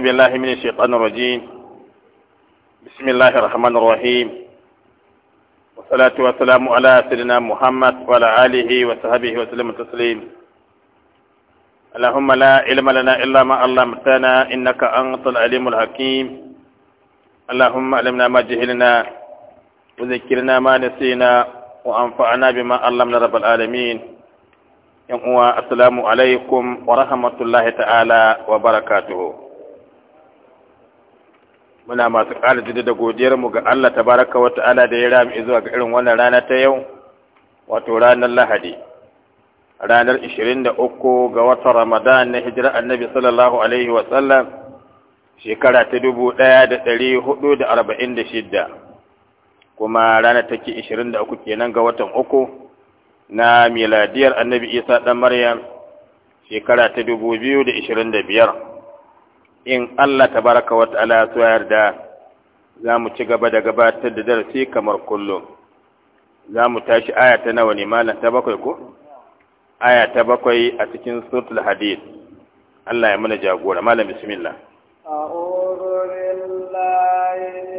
أعوذ بالله من الشيطان الرجيم بسم الله الرحمن الرحيم والصلاة والسلام على سيدنا محمد وعلى آله وصحبه وسلم تسليم اللهم لا علم لنا إلا ما علمتنا إنك أنت العليم الحكيم اللهم علمنا ما جهلنا وذكرنا ما نسينا وأنفعنا بما علمنا رب العالمين يوم السلام عليكم ورحمة الله تعالى وبركاته muna masu ƙara jida da godiyarmu ga Allah baraka wa ta'ala da ya rami zuwa ga irin wannan rana ta yau wato ranar Lahadi ranar 23 ga watan Ramadan na hijira Annabi sallallahu alaihi wa sallam shekara ta 1446 kuma ranar take 23 kenan ga watan uku na miladiyar Annabi Isa dan Maryam shekara ta 2025 in Allah ta baraka wa ta'ala ya yarda za mu ci gaba da gabatar da darasi kamar kullum za mu tashi aya ta nawa ne malam ta bakwai ko aya ta bakwai a cikin suratul hadid Allah ya mana jagora malam bismillah a'udhu billahi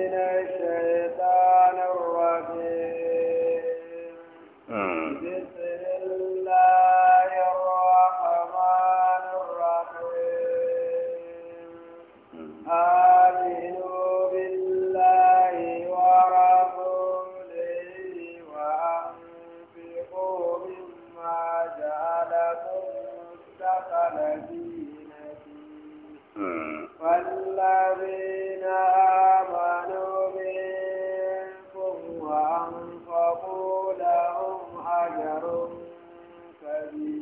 الذين آمنوا منكم وأنفقوا لهم أجر كبير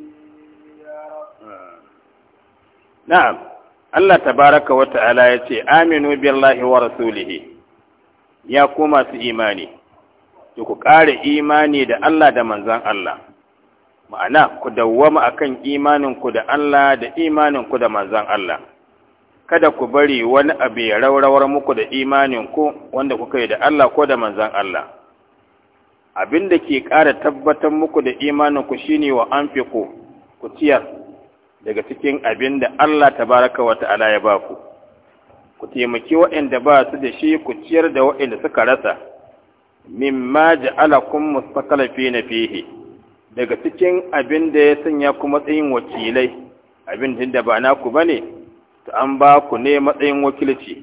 نعم aminu ya ce: Aminu ya بالله ورسوله Ya imani. to ku ƙara imani da Allah da manzan Allah ma'ana ku dawwama akan imaninku da Allah da imaninku da manzan Allah kada ku bari wani abu ya raurawar muku da imaninku wanda kuka yi da Allah ko da manzan Allah abin da ke ƙara tabbatar muku da imaninku shine wa anfiqu ku ciyar daga cikin abin da Allah tabaraka wa ta'ala ya ba ku ku taimaki waɗanda ba su da shi ku ciyar da waanda suka rasa mimma ja'alakum mustaqalifina fihi daga cikin abin da ya sanya ku matsayin wakilai abin da ba naku bane ta an ba ku ne matsayin wakilci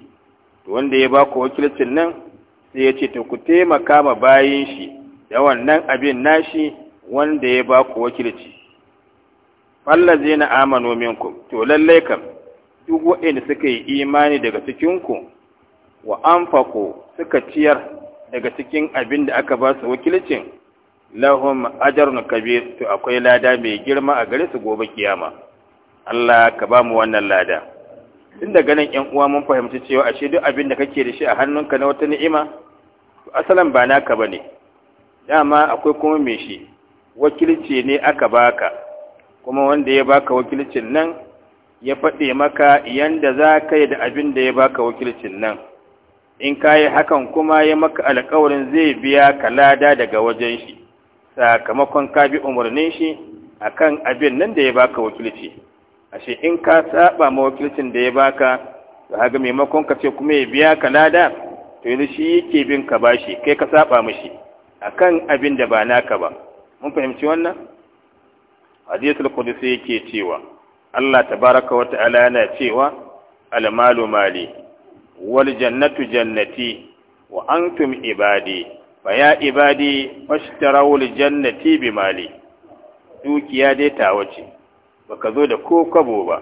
wanda ya ba ku wakilcin nan sai ya ce to ku taimaka ma bayin shi da wannan abin nashi wanda ya ba ku wakilci fallaze na amano minku to lallai kam duk waɗanda suka yi imani daga cikinku wa anfaqu suka ciyar daga cikin abin da aka ba su wakilcin lahum ajrun kabir to akwai lada mai girma a gare su gobe kiyama Allah ka ba mu wannan lada tun daga nan ƴan uwa mun fahimci cewa ashe duk abin da kake da shi a hannunka na wata ni'ima asalan ba naka ba ne. dama akwai kuma me shi wakilci ne aka baka kuma wanda ya baka wakilcin nan ya faɗe maka yanda za ka yi da abin da ya baka wakilcin nan in ka yi hakan kuma ya maka alkawarin zai biya ka lada daga wajen shi sakamakon ka bi umarnin shi akan abin nan da ya baka wakilci ashe in ka saba ma wakilcin da ya baka ga ga maimakon ka ce kuma ya biya ka lada to yanzu shi yake bin ka bashi kai ka saba mishi akan abin da ba naka ba mun fahimci wannan hadisul qudsi yake cewa Allah tabaraka wa ta'ala yana cewa al malu mali wal jannatu jannati wa antum ibadi fa ya ibadi fashtaraw al jannati bi mali dukiya dai tawace baka zo da ko kwabo ba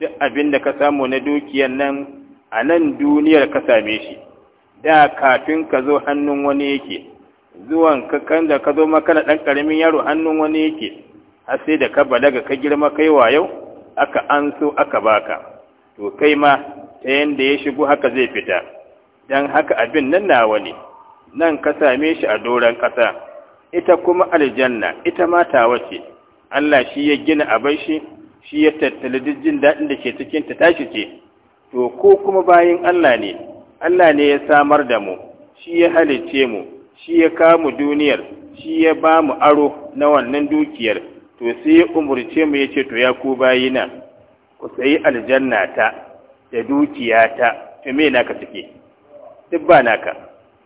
duk abin da ka samu na dukiyar nan a nan duniyar ka same shi da kafin ka zo hannun wani yake zuwan ka kan da ka zo maka na ɗan ƙaramin yaro hannun wani yake har sai da ka balaga ka girma kai yau aka anso aka baka to kai ma ta yanda ya shigo haka zai fita dan haka abin nan na wani. nan ka same shi a doron ƙasa ita kuma aljanna ita ma tawa ce Allah shi ya gina abin shi shi ya tattali duk jin daɗin da ke cikin ta tashi ce to ko kuma bayan Allah ne Allah ne ya samar da mu shi ya halicce mu shi ya kamu duniyar shi ya ba mu aro na wannan dukiyar to sai ya umurce mu ya ce to ya ku bayina ku sayi aljanna ta da dukiya ta to me naka take duk ba naka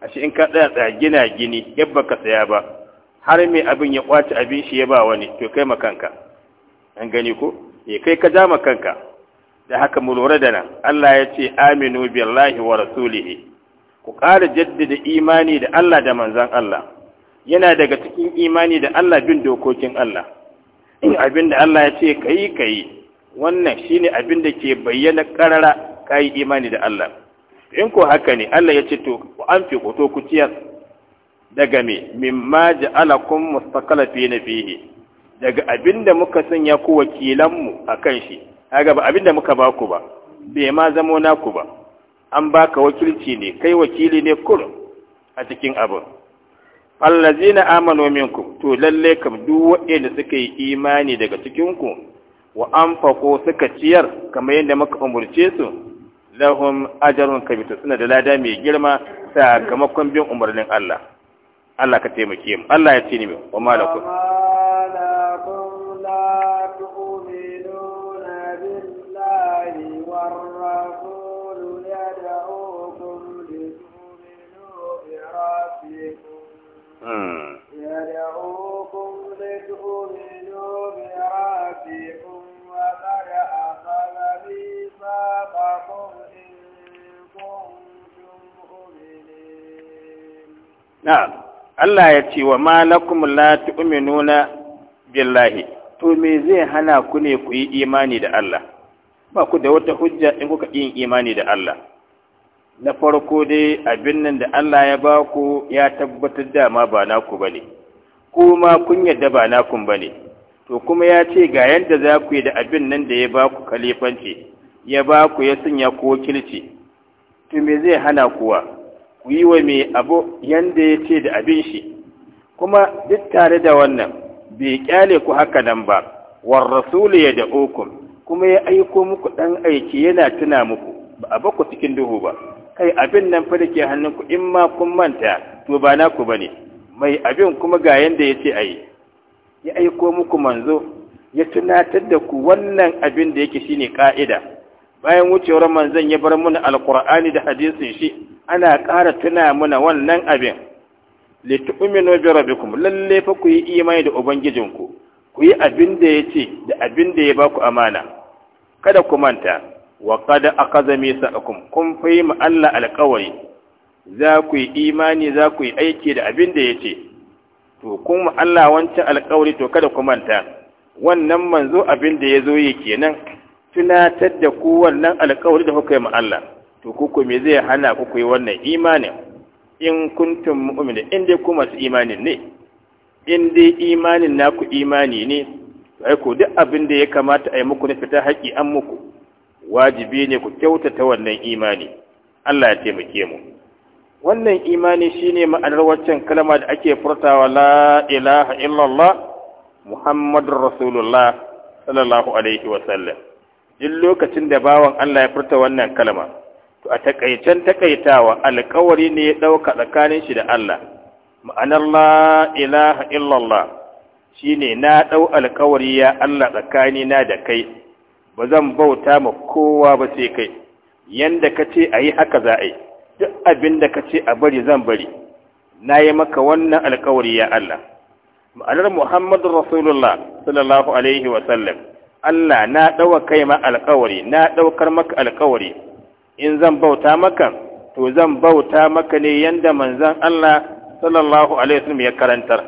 ashe in ka tsaya gina gini yabba ka saya ba har mai abin ya kwace abin shi ya ba wani to kai makanka an gani ko ya eh, kai ka ja makanka da haka mu lura da nan Allah ya ce aminu billahi wa rasulihi ku ƙara jaddada imani da Allah da manzan Allah yana daga cikin imani da Allah bin dokokin Allah in abin da Allah ya ce kai kai wannan shine abin da ke bayyana karara kai imani da Allah in ko haka ne Allah ya ce to ku anfiqu to ku ciyar daga me min mimma ja'alakum na fihi daga abinda muka sanya ku wakilanmu kan shi kaga ba abinda muka ba ku ba bai ma zamo naku ba an baka wakilci ne kai wakili ne kurum a cikin abin allazina amanu minkum to lalle kam duk waɗanda suka yi imani daga cikin ku wa anfaqo suka ciyar kamar yadda muka umurce su lahum ajrun kabir suna da lada mai girma sakamakon bin umarnin Allah Allah ka taimake mu Allah ya tsini mu wa malakum يدعوكم لتؤمنوا بربكم وقد أخذ ميثاقكم إن كنتم مؤمنين نعم Allah ya ce wa malakum la tu'minuna billahi to me zai hana ku ne ku yi imani da Allah ba ku da wata hujja in kuka yi imani da Allah na farko dai abin nan da Allah ya ba ku ya tabbatar da ma ba naku bane kuma kun yadda ba naku bane to kuma ya ce ga yadda za ku yi da abin nan da ya ba ku kalifanci ya ba ku ya sanya ku wakilci to me zai hana kuwa ku yi wa mai abu yadda ya ce da abin shi kuma duk tare da wannan bai kyale ku haka nan ba war rasulu ya da Okun. kuma ya aiko muku ɗan aiki yana tuna muku ba a baku cikin duhu ba kai abin nan fa dake hannunku in ma kun manta to ba na ba bane mai abin kuma ga yadda ya ce ayi ya aiko muku manzo ya tunatar da ku wannan abin da yake shine ka'ida bayan wucewar manzon ya bar muna alqur'ani da hadisin shi ana ƙara tuna muna wannan abin litu'minu bi rabbikum lalle fa ku yi imani da ubangijinku ku yi abin da ya ce da abin da ya baku amana kada ku manta wa qad aqaza misaakum kun fi ma Allah alƙawari za ku yi imani za ku yi aiki da abin da ya ce to kun mu Allah wancan alƙawari to kada ku manta wannan manzo abin da ya zo yi kenan tunatar da ku wannan alkawari da kuka yi ma Allah to ku me zai hana ku yi wannan imanin in kuntum mu'minin in dai ku masu imanin ne in dai imanin naku imani ne ai ku duk abin da ya kamata a yi muku na fita haƙi an muku wajibi ne ku kyautata wannan imani Allah ya taimake mu wannan imani shine ma'anar waccan kalma da ake furtawa la ilaha illallah muhammadur rasulullah sallallahu alaihi wa duk lokacin da bawan Allah ya furta wannan kalma to a takaicen takaitawa alƙawari ne ya ɗauka tsakanin shi da Allah ma'anar la ilaha illallah shine na ɗau alƙawari ya Allah tsakani na da kai ba zan bauta ma kowa ba sai kai yanda ka ce a yi haka za a yi duk abin da ka ce a bari zan bari na yi maka wannan alkawari ya Allah ma'anar Muhammadu Rasulullah sallallahu alaihi wa sallam Allah na ɗawa kai ma alƙawari na ɗaukar maka alƙawari in zan bauta maka to zan bauta maka ne yanda manzan Allah sallallahu alaihi wasallam ya karantar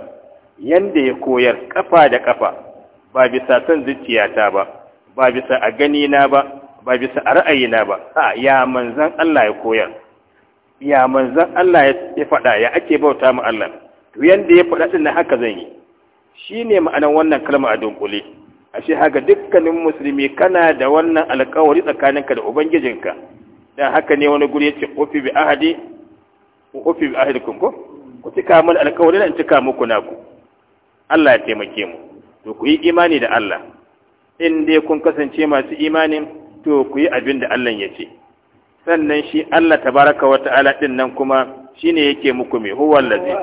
yanda ya koyar kafa da kafa ba bisa son zuciyata ba ba bisa a gani na ba ba bisa a ra'ayi na ba ha ya manzan Allah ya koyar ya manzan Allah ya faɗa ya ake bauta ma Allah to yanda ya faɗa din haka zan yi shine ma'anar wannan kalma a dunkule ashe haka dukkanin musulmi kana da wannan alkawari tsakaninka da ubangijinka dan haka ne wani guri yace ufi bi ahadi ufi bi ahadikum ko ku tika mun alkawari nan cika muku naku Allah ya taimake mu to ku yi imani da Allah in dai kun kasance masu imanin to ku yi abin da Allah ya ce sannan shi Allah tabaraka wa ta'ala din nan kuma shine yake muku mai huwallazi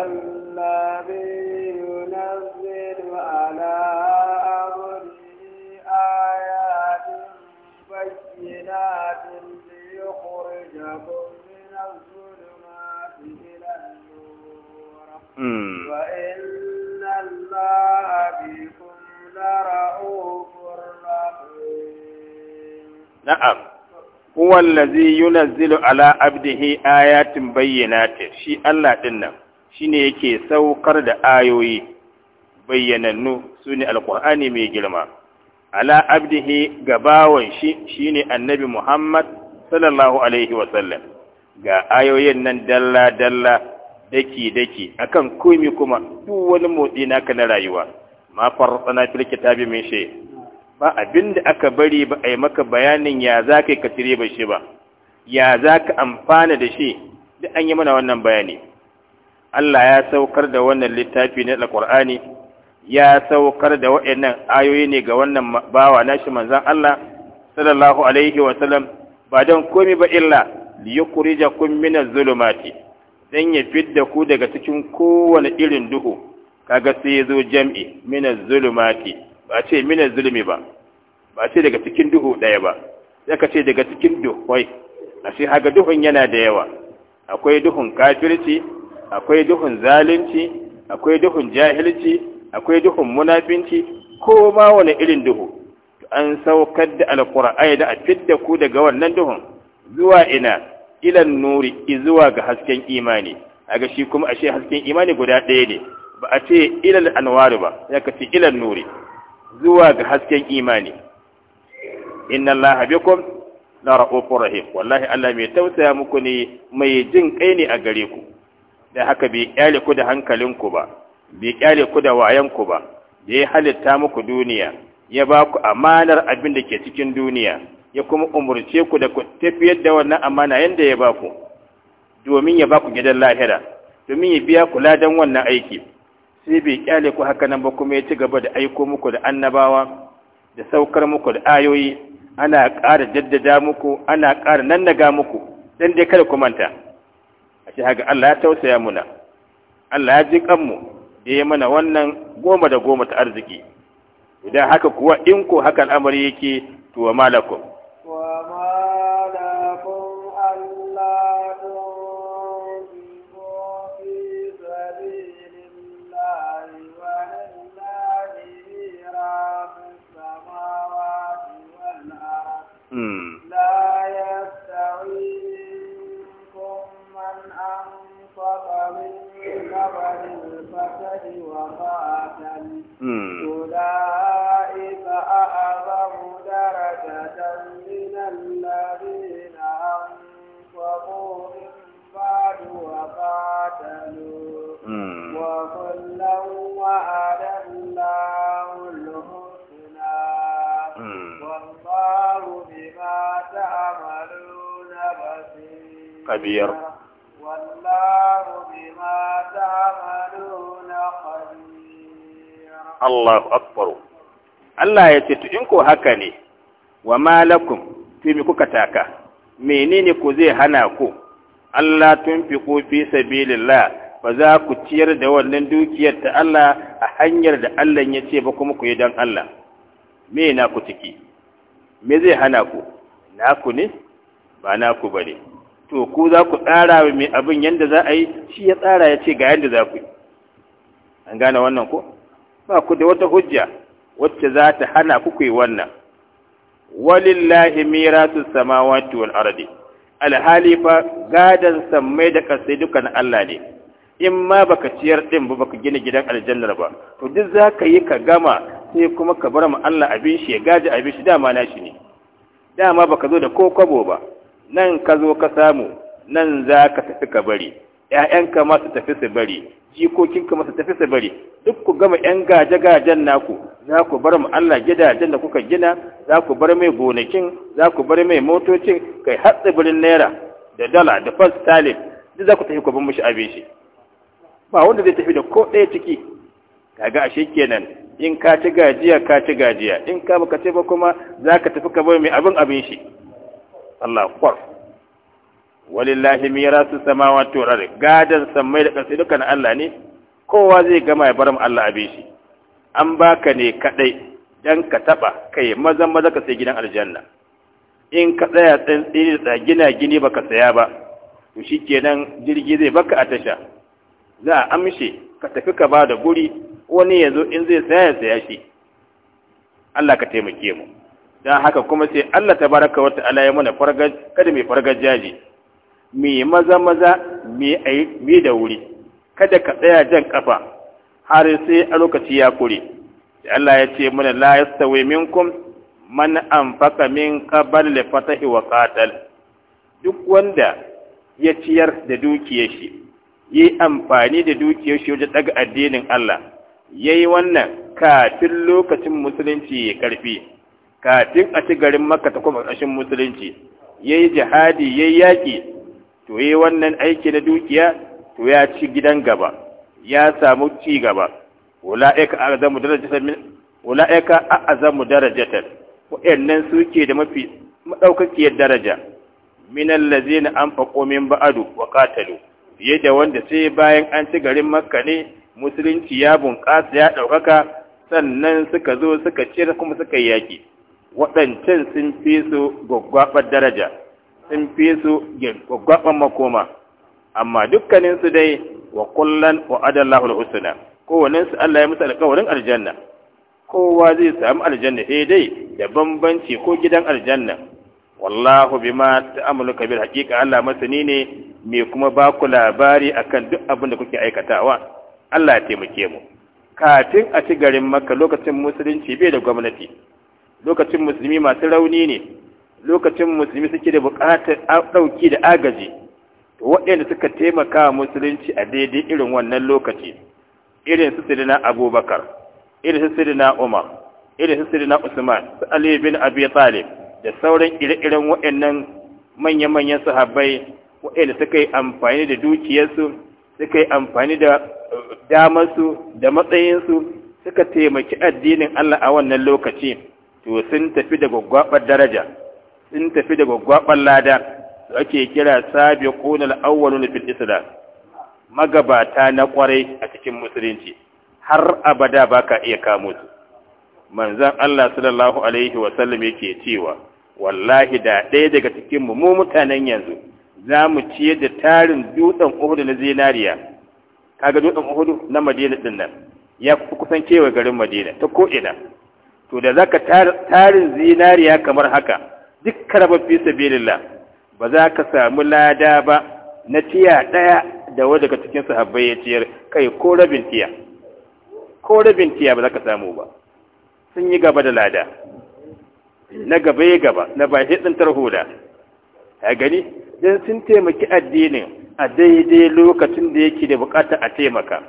Na'am, kowanne zai yi na zilo al'abdi hiya ya tun bayyana ta shi Allah ɗin nan shi ne yake saukar da ayoyi bayyanannu sune Alƙuhari mai girma, al'abdi hiya gabawan shi shine Annabi Muhammad. sallallahu alaihi wasallam ga ayoyin nan dalla dalla daki daki akan komi kuma duk wani motsi naka na rayuwa ma farfana fil kitabi min shay ba abinda aka bari ba ai maka bayanin ya zaka ka tire ba shi ba ya zaka amfana da shi duk an yi mana wannan bayani Allah ya saukar da wannan littafi na Alƙur'ani ya saukar da waɗannan ayoyi ne ga wannan bawa nashi manzon Allah sallallahu alaihi wa sallam ba don komi ba illa liyukhrijakum kun minan zulumati dan ya fidda ku daga cikin kowane irin duhu kaga sai zo jam'i minan zulumati ba ce minan zulumi ba ba ce daga cikin duhu ɗaya ba sai ka ce daga cikin a ashe haga duhun yana da yawa akwai duhun kafirci akwai duhun zalunci akwai duhun jahilci akwai duhun munafinci ko ma wani irin duhu an saukar da alƙur'ani da a fidda ku daga wannan duhun zuwa ina ilan nuri zuwa ga hasken imani ga shi kuma ashe hasken imani guda ɗaya ne ba a ce ilal anwari ba ya ka ilan nuri zuwa ga hasken imani inna allaha bikum la ra'ufur rahim wallahi Allah mai tausaya muku ne mai jin kai ne a gare ku da haka bai kyale ku da hankalinku ba bai kyale ku da wayanku ba da ya halitta muku duniya ya ba ku amanar abin da ke cikin duniya ya kuma umurce ku da ku tafiyar da wannan amana yadda ya ba ku domin ya ba ku gidan lahira domin ya biya kula ladan wannan aiki sai bai kyale ku haka nan ba kuma ya ci gaba da aiko muku da annabawa da saukar muku da ayoyi ana ƙara jaddada muku ana ƙara nannaga muku dan dai kada ku manta a ce haka Allah ya tausaya muna Allah ya ji kanmu da ya mana wannan goma da goma ta arziki idan haka kuwa in ko haka al'amari yake to wa malakum Allah ya ce in ko haka ne wa malakum fi mi kuka taka menene ko zai hana ku Allah tun fi fi sabilillah ba za ku ciyar da wannan dukiyar ta Allah a hanyar da Allah ya ce ba kuma ku yi dan Allah me na ku ciki me zai hana ku na ku ne ba na naku bane to ku za ku tsara mai abin yadda za a yi shi ya tsara ya ce ga yadda za ku yi an gane wannan ko ba ku da wata hujja wacce za ta hana ku yi wannan walillahi miratu samawati wal ardi alhali fa gadan sammai da kasai dukan Allah ne in ma baka ciyar din ba baka gina gidan aljannar ba to duk za ka yi ka gama sai kuma ka bar mu Allah abin shi ya gaji abin shi dama na shi ne dama baka zo da ko kwabo ba nan ka zo ka samu nan za ka tafi ka bari ‘ya'yanka ma su tafi su bari, jikokinka ma tafi su bari, duk ku gama ‘yan gaje-gajen naku, za ku bar mu Allah gidajen da kuka gina, za ku bar mai gonakin, za ku bar mai motocin, kai har tsibirin naira da dala da fas talib, duk za ku tafi ku bar mushi abin shi. Ba wanda zai tafi da ko ɗaya ciki, kaga ashe kenan in ka ci gajiya ka ci gajiya in ka baka ce ba kuma za ka tafi ka bar mai abin abin shi. Allah kwarf. walillahi mirasu samawati wal ardi gadan samai da kasai dukan Allah ne kowa zai gama ya bar mu Allah abin shi an baka ne kadai dan ka taba kai mazan maza ka sai gidan aljanna in ka tsaya tsantsiri da gina gini baka saya ba to shikenan jirgi zai baka a tasha za a amshe ka tafi ka ba da guri wani ya zo in zai saya ya saya shi Allah ka taimake mu dan haka kuma sai Allah tabaraka wa ta'ala ya mana fargaj kada mai fargajaji mai maza maza mai da wuri kada ka tsaya jan kafa har sai a lokaci ya kure da Allah ya ce mana la yastawi minkum man anfaqa min qabl fatahi wa qatal duk wanda ya ciyar da dukiyar shi yi amfani da dukiyar shi wajen daga addinin Allah yayi wannan kafin lokacin musulunci ya karfi kafin a ci garin Makka ta kuma ƙarshen musulunci yayi jihadi yayi yaki to yi wannan aiki na dukiya to ya ci gidan gaba ya samu ci gaba Wala azamu a min azamu darajatan wa'annan suke da mafi madaukakiyar daraja min allazina anfaqu min ba'du wa qatalu fiye da wanda sai bayan an ci garin makka ne musulunci ya bunƙasa ya ɗaukaka sannan suka zo suka cire kuma suka yaki waɗancan sun fi su gwaggwaɓar daraja sun fi su gwaɓɓan makoma amma dukkaninsu dai wa kullan wa adallahu al-husna kowannen su Allah ya musu alƙawarin aljanna kowa zai samu aljanna sai dai da bambanci ko gidan aljanna wallahu bima ta'amalu kabir haqiqa Allah masani ne me kuma ba ku labari akan duk abin da kuke aikatawa Allah ya taimake mu kafin a ci garin Makka lokacin musulunci bai da gwamnati lokacin musulmi masu rauni ne lokacin musulmi suke da buƙatar ɗauki da agaji waɗanda suka taimaka musulunci a daidai irin wannan lokaci irin su sirina abubakar irin su sirina umar irin su sirina usman su aliyu bin abi talib da sauran ire-iren waɗannan manya-manyan sahabbai waɗanda suka yi amfani da dukiyarsu suka yi amfani da eh, damarsu da matsayinsu suka taimaki addinin Allah a wannan lokaci to sun tafi da gwaggwabar daraja sun tafi da gwaggwaɓar lada da ake kira sabi al-awwaluna fil islam magabata na ƙwarai a cikin musulunci har abada baka iya kamo su manzon Allah sallallahu alaihi wa sallam yake cewa wallahi da ɗaya daga cikin mu mu mutanen yanzu za mu ciyar da tarin dutsen Uhud na zinariya kaga dutsen Uhud na Madina din nan ya kusan kewa garin Madina ta ko ina to da zaka tarin zinariya kamar haka duk rabar fi sabilillah ba za ka samu lada ba na tiya ɗaya da wanda daga cikin sahabbai ya ciyar kai ko rabin tiya ko rabin tiya ba za ka samu ba sun yi gaba da lada na gaba ya gaba na ba shi tsintar hula a gani don sun taimaki addinin a daidai lokacin da yake da bukata a taimaka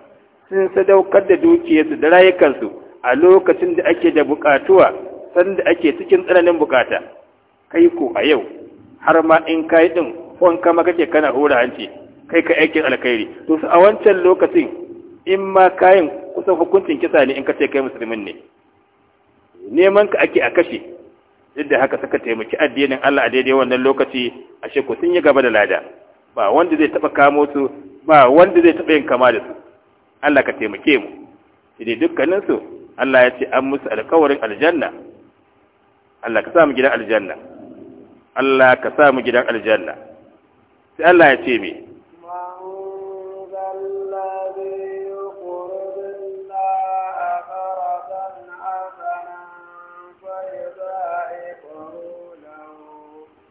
sun sadaukar da dukiyarsu da rayukansu a lokacin da ake da bukatuwa sanda ake cikin tsananin bukata kai ko a yau har ma in kai din wanka ma kake kana hura hanci kai ka aikin alkhairi to a wancan lokacin in ma kayan kusan hukuncin kisa ne in ka ce kai musulmin ne neman ka ake a kashe duk da haka suka taimaki addinin Allah a daidai wannan lokaci a sheku sun yi gaba da lada ba wanda zai taba kamo su ba wanda zai taba yin kama da su Allah ka taimake mu dukkanin dukkaninsu Allah ya ce an musu alkawarin aljanna Allah ka sa mu gidan aljanna Allah ka sa mu gidan aljanna sai Allah ya ce me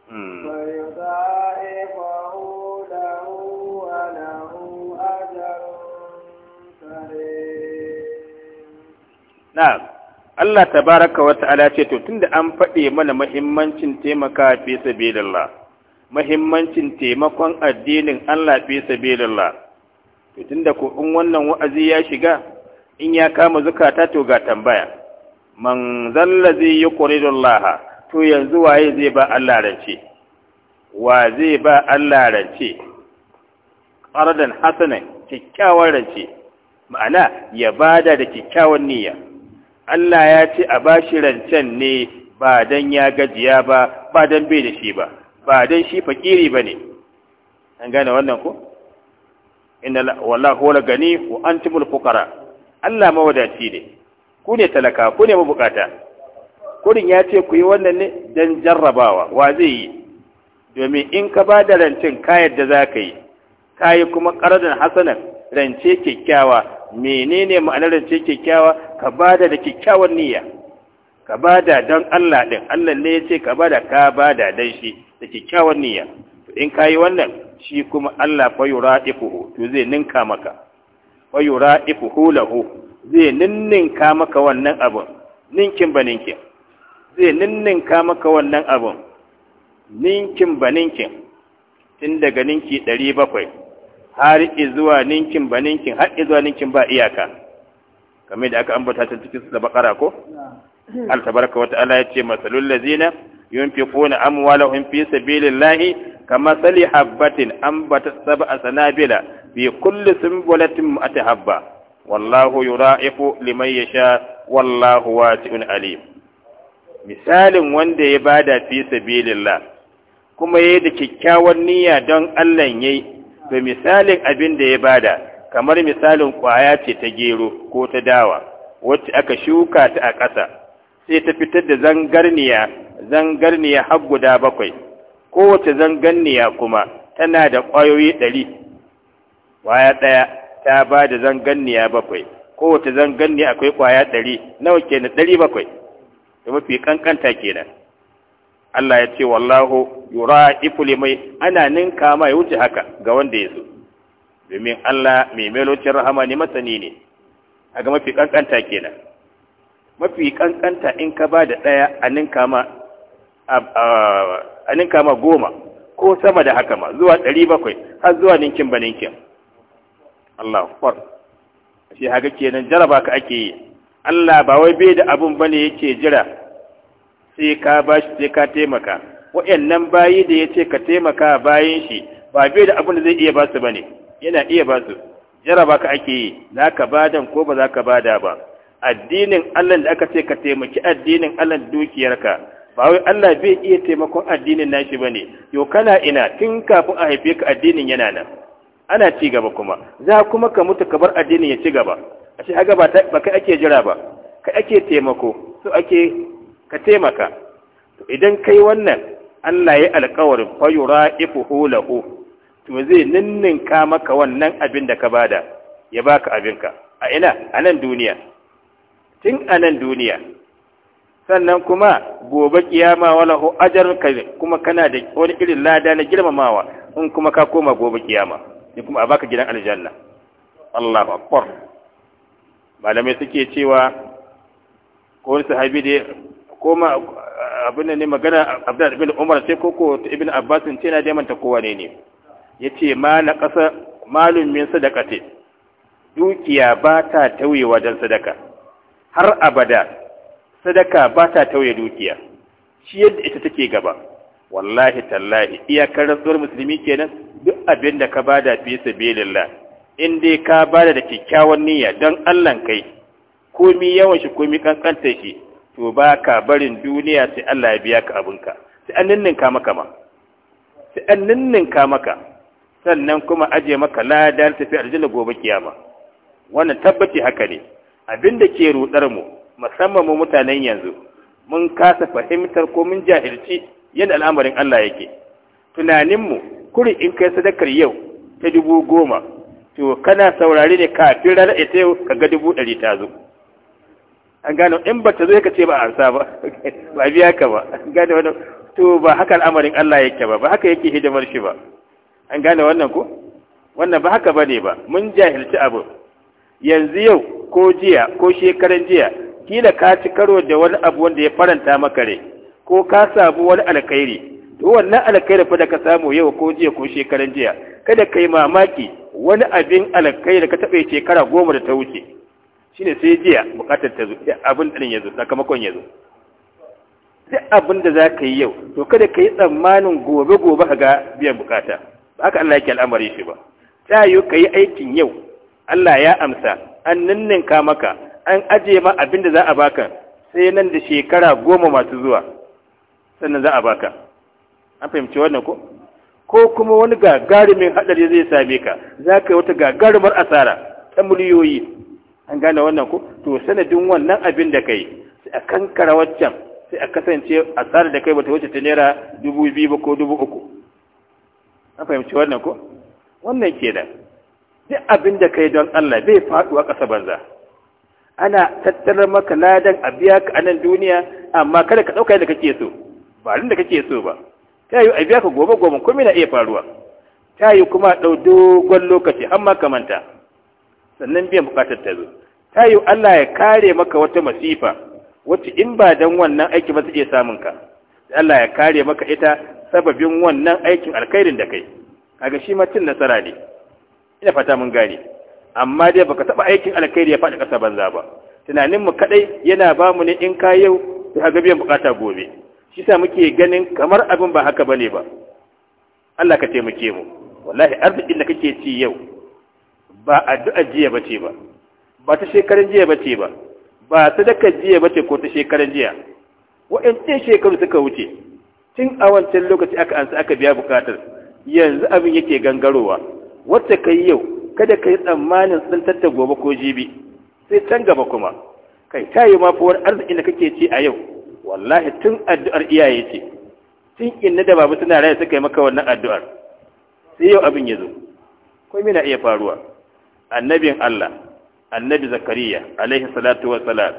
hmm. Na'am. Allah tabaraka wata ta'ala ce to tunda an faɗe mana mahimmancin taimaka fi sabilillah mahimmancin taimakon addinin Allah fi sabilillah to tunda ko in wannan wa'azi ya shiga in ya kama zukata to ga tambaya man zallazi Laha, to yanzu waye zai ba Allah rance wa zai ba Allah rance qardan hasanan kikkiawar rance ma'ana ya bada da kyakkyawar niyya Allah ya ce a bashi rancen ne ba dan ya gajiya ba ba dan bai da shi ba ba dan shi fakiri bane an gane wannan ko inna wallahu la gani wa antumul fuqara Allah mawadaci ne ku ne talaka ku ne mabukata kurin ya ce ku yi wannan ne don jarrabawa wa zai yi domin in ka ba da rancin ka da za ka yi ka yi kuma ƙaradin hasanan rance kyakkyawa menene ma'anar rance kyakkyawa ka ba da da kyakkyawan niyya ka ba da don Allah ɗin, Allah ne ya ce ka ba da ka ba da don shi da kyakkyawan niyya to in ka yi wannan shi kuma Allah fa yuradiquhu to zai ninka maka fa yuradiquhu lahu zai ninninka maka wannan abun ninkin ba ninkin zai ninninka maka wannan abun ninkin ba ninkin tun daga ninki ɗari bakwai har izuwa ninkin ba ninkin har izuwa ninkin ba iyaka kamar da aka ambata ta cikin da bakara ko Allah tabaraka wa ta'ala ya ce masalul ladzina yunfiquna amwalahum fi sabilillahi kama sali habbatin ambata sab'a sanabila bi kulli sunbulatin habba wallahu yura'ifu liman yasha wallahu wasi'un alim misalin wanda ya bada fi sabilillah kuma yayi da kikkiawar niyya don Allah yayi to misalin abin da ya bada kamar misalin ƙwaya ce ta gero ko ta dawa wacce aka shuka ta a ƙasa sai ta fitar da zangarniya zangarniya har guda bakwai kowace zangarniya kuma tana da ƙwayoyi ɗari ƙwaya ɗaya ta ba da zangarniya bakwai kowace zangarniya akwai ƙwaya ɗari nawa kenan ɗari bakwai da mafi ƙanƙanta kenan Allah ya ce wallahu yura ifuli mai ana ninka ma ya wuce haka ga wanda ya so domin Allah mai melocin rahama ne masani ne a ga mafi kankanta kenan mafi kankanta in ka ba da ɗaya a ninka ma goma ko sama da haka ma zuwa ɗari bakwai har zuwa ninkin ba ninkin Allah kwar shi haka kenan jaraba ka ake yi Allah ba wai bai da abun ne yake jira sai ka shi sai ka taimaka waɗannan bayi da ya ce ka taimaka bayan shi ba bai da abin da zai iya ba su ba ne yana iya ba su jaraba ka ake yi za ka bada ko ba za ka bada ba addinin Allah da aka ce ka taimaki addinin Allah dukiyarka ba wai Allah bai iya taimakon addinin nashi bane yo kana ina tun kafin a haife ka addinin yana nan ana ci gaba kuma za kuma ka mutu ka bar addinin ya ci gaba A ce haka ba kai ake jira ba kai ake taimako so ake ka taimaka idan kai wannan Allah ya alƙawarin fayura ifuhu lahu to zai ninninka maka wannan abin da ka bada ya baka abinka a ina a nan duniya tun a nan duniya sannan kuma gobe kiyama wala hu ajarun ka kuma kana da wani irin lada na girmamawa in kuma ka koma gobe kiyama ni kuma a baka gidan aljanna Allahu akbar malamai suke cewa ko wani sahabi da koma abin ne magana Abdullah ibn Umar sai koko ibn Abbas tana da manta kowa ne ne ya ce ma na ƙasa malumin sadaka ce dukiya ba ta tauye wajen sadaka har abada sadaka ba ta tauye dukiya shi yadda ita take gaba wallahi tallahi iyakar rantsuwar musulmi kenan duk abin da ka bada fi sabilillah in dai ka bada da kyakkyawan niyya don Allah kai komi yawan shi komi kankanta shi to ba ka barin duniya sai Allah ya biya ka abinka sai an ninninka maka ma sai an ninninka maka sannan kuma aje maka ladar tafi aljanna gobe kiyama wannan tabbaci haka ne abinda ke rudar mu musamman mu mutanen yanzu mun kasa fahimtar ko mun jahilci yadda al'amarin Allah yake tunanin mu kuri in kai sadakar yau ta dubu goma to kana saurare ne kafin ranar ita yau ka ga dubu ɗari ta zo an gano in ba ta zo ka ce ba an sa ba ba biya ka ba gano to ba haka al'amarin Allah yake ba ba haka yake hidimar shi ba an gane wannan ko wannan ba haka bane ba mun jahilci abu yanzu yau ko jiya ko shekaran jiya kila ka ci karo da wani abu wanda ya faranta maka rai ko ka samu wani alkhairi to wannan alkhairi fa da ka samu yau ko jiya ko shekaran jiya kada kai mamaki wani abin alkhairi ka taɓa shekara goma da ta wuce shine sai jiya bukatar ta zo abin din ya zo sakamakon ya zo duk abin da za ka yi yau to kada ka yi tsammanin gobe gobe ka ga biyan bukata haka Allah yake al'amari shi ba ta yi ka yi aikin yau Allah ya amsa an ninninka maka an aje ma abin da za a baka sai nan da shekara goma masu zuwa sannan za a baka an fahimci wannan ko ko kuma wani gagarumin hadari zai same ka za ka yi wata gagarumar asara ta miliyoyi an gane wannan ko to sanadin wannan abin da ka yi sai a kankara waccan sai a kasance asarar da kai bata wuce ta naira dubu biyu ba ko dubu uku an fahimci wannan ko wannan kenan duk abin da kai don Allah bai a ƙasa banza ana tattalar maka ladan a biya ka a nan duniya amma kada ka ɗauka yadda kake so ba da kake so ba ta yi a biya ka gobe gobe komai na iya faruwa ta yi kuma ɗau dogon lokaci har ma kamanta sannan biyan bukatar ta zo ta yi Allah ya kare maka wata masifa wacce in ba dan wannan aiki ba zai iya samun ka Allah ya kare maka ita sababin wannan aikin alkhairin da kai kaga shi ma cin nasara ne ina fata mun gane amma dai baka taba aikin alkhairi ya faɗi ƙasa banza ba tunanin mu kadai yana ba mu ne in ka yau to kaga biyan bukata gobe shi sa muke ganin kamar abin ba haka bane ba Allah ka taimake mu wallahi arzikin da kake ci yau ba addu'a jiya bace ba ba ta shekaran jiya bace ba ba sadaka jiya bace ko ta shekaran jiya wa'in shekaru suka wuce tun a wancan lokaci aka ansa aka biya bukatar yanzu abin yake gangarowa wacce ka yi yau kada ka yi tsammanin tsantar da gobe ko jibi sai can gaba kuma kai ta yi mafowar arziki da kake ci a yau wallahi tun addu'ar iyaye ce tun inna da babu suna raya suka yi maka wannan addu'ar sai yau abin ya zo komai na iya faruwa annabin Allah annabi zakariya alaihi salatu wa-tsalar, salam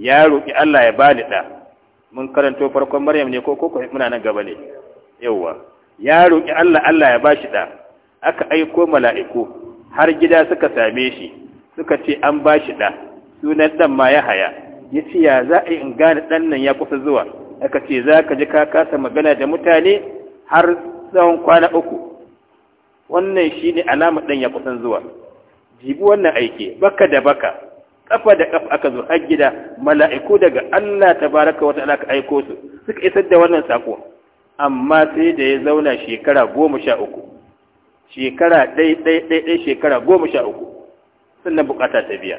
ya roƙi Allah ya bani ɗa mun karanto farkon maryam ne ko koko muna nan gaba ne yawwa ya roƙi Allah Allah ya bashi da aka aiko mala'iku har gida suka same shi suka ce an bashi da sunan dan ma ya haya ce ya za a yi in gane dan nan ya kusa zuwa aka ce za ka ji ka kasa magana da mutane har tsawon kwana uku wannan shine alamar ɗan ya kusan zuwa jibi wannan aiki. baka da baka kafa da kafa aka zo har gida mala'iku daga Allah tabaraka wa ta'ala ka aiko su suka isar da wannan sako amma sai da ya zauna shekara goma sha uku shekara ɗai ɗai ɗai ɗai shekara goma sha uku sannan bukata ta biya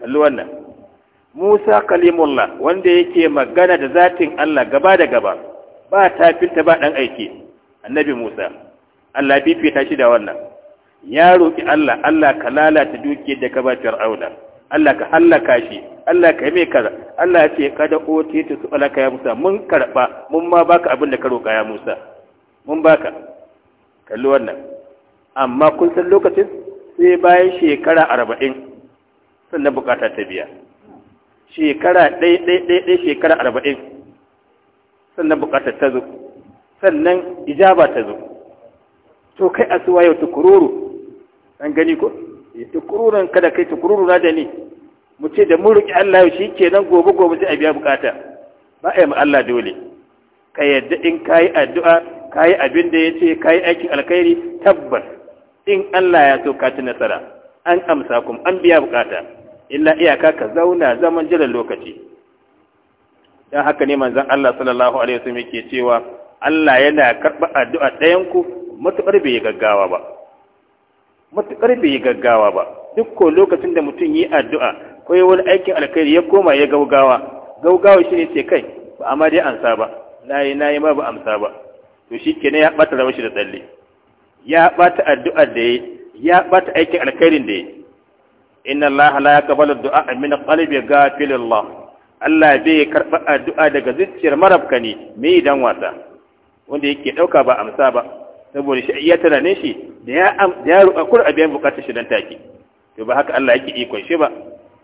kalli wannan Musa kalimullah wanda yake magana da zatin Allah gaba da gaba ba tafinta ba ɗan aiki annabi Musa Allah ta shi da wannan ya roƙi Allah Allah ka lalata dukiyar da ka ba Fir'auna Allah ka hallaka shi Allah ka mai kaza Allah ya ce kada ote ta su ka ya Musa mun karba mun ma baka abin da ka roƙa ya Musa mun baka kalli wannan amma kun san lokacin sai bayan shekara arba'in sannan bukata ta biya shekara ɗai ɗai ɗai ɗai shekara arba'in sannan bukata ta zo sannan ijaba ta zo to kai asuwa yau tukururu an gani ko tukururun kada kai tukururuna da ni mu ce da mu riƙe Allah shi kenan gobe gobe sai a biya bukata ba a yi Allah dole ka yadda in ka addu'a ka yi abin da ya ce ka yi aikin alkhairi tabbas in Allah ya so ka ci nasara an amsa kuma an biya bukata illa iyaka ka zauna zaman jiran lokaci dan haka ne manzon Allah sallallahu alaihi wasallam yake cewa Allah yana karba addu'a ɗayan ku matuƙar bai gaggawa ba matuƙar bai yi gaggawa ba duk ko lokacin da mutum yi addu'a ko yi wani aikin alkhairi ya koma ya gaugawa gaugawa shine ce kai ba amma dai amsa ba nayi nayi ma ba amsa ba to shikenan ya bata rawar da tsalle ya bata addu'a da yayi ya bata aikin alkhairin da yayi inna Allah la yaqbalu du'a min qalbi ghafil Allah Allah bai karba addu'a daga zuciyar marabka ne mai dan wasa wanda yake ɗauka ba amsa ba saboda shi iya tunanin shi da ya ya roƙa kur a biyan bukatar shi don take to ba haka Allah yake ikon shi ba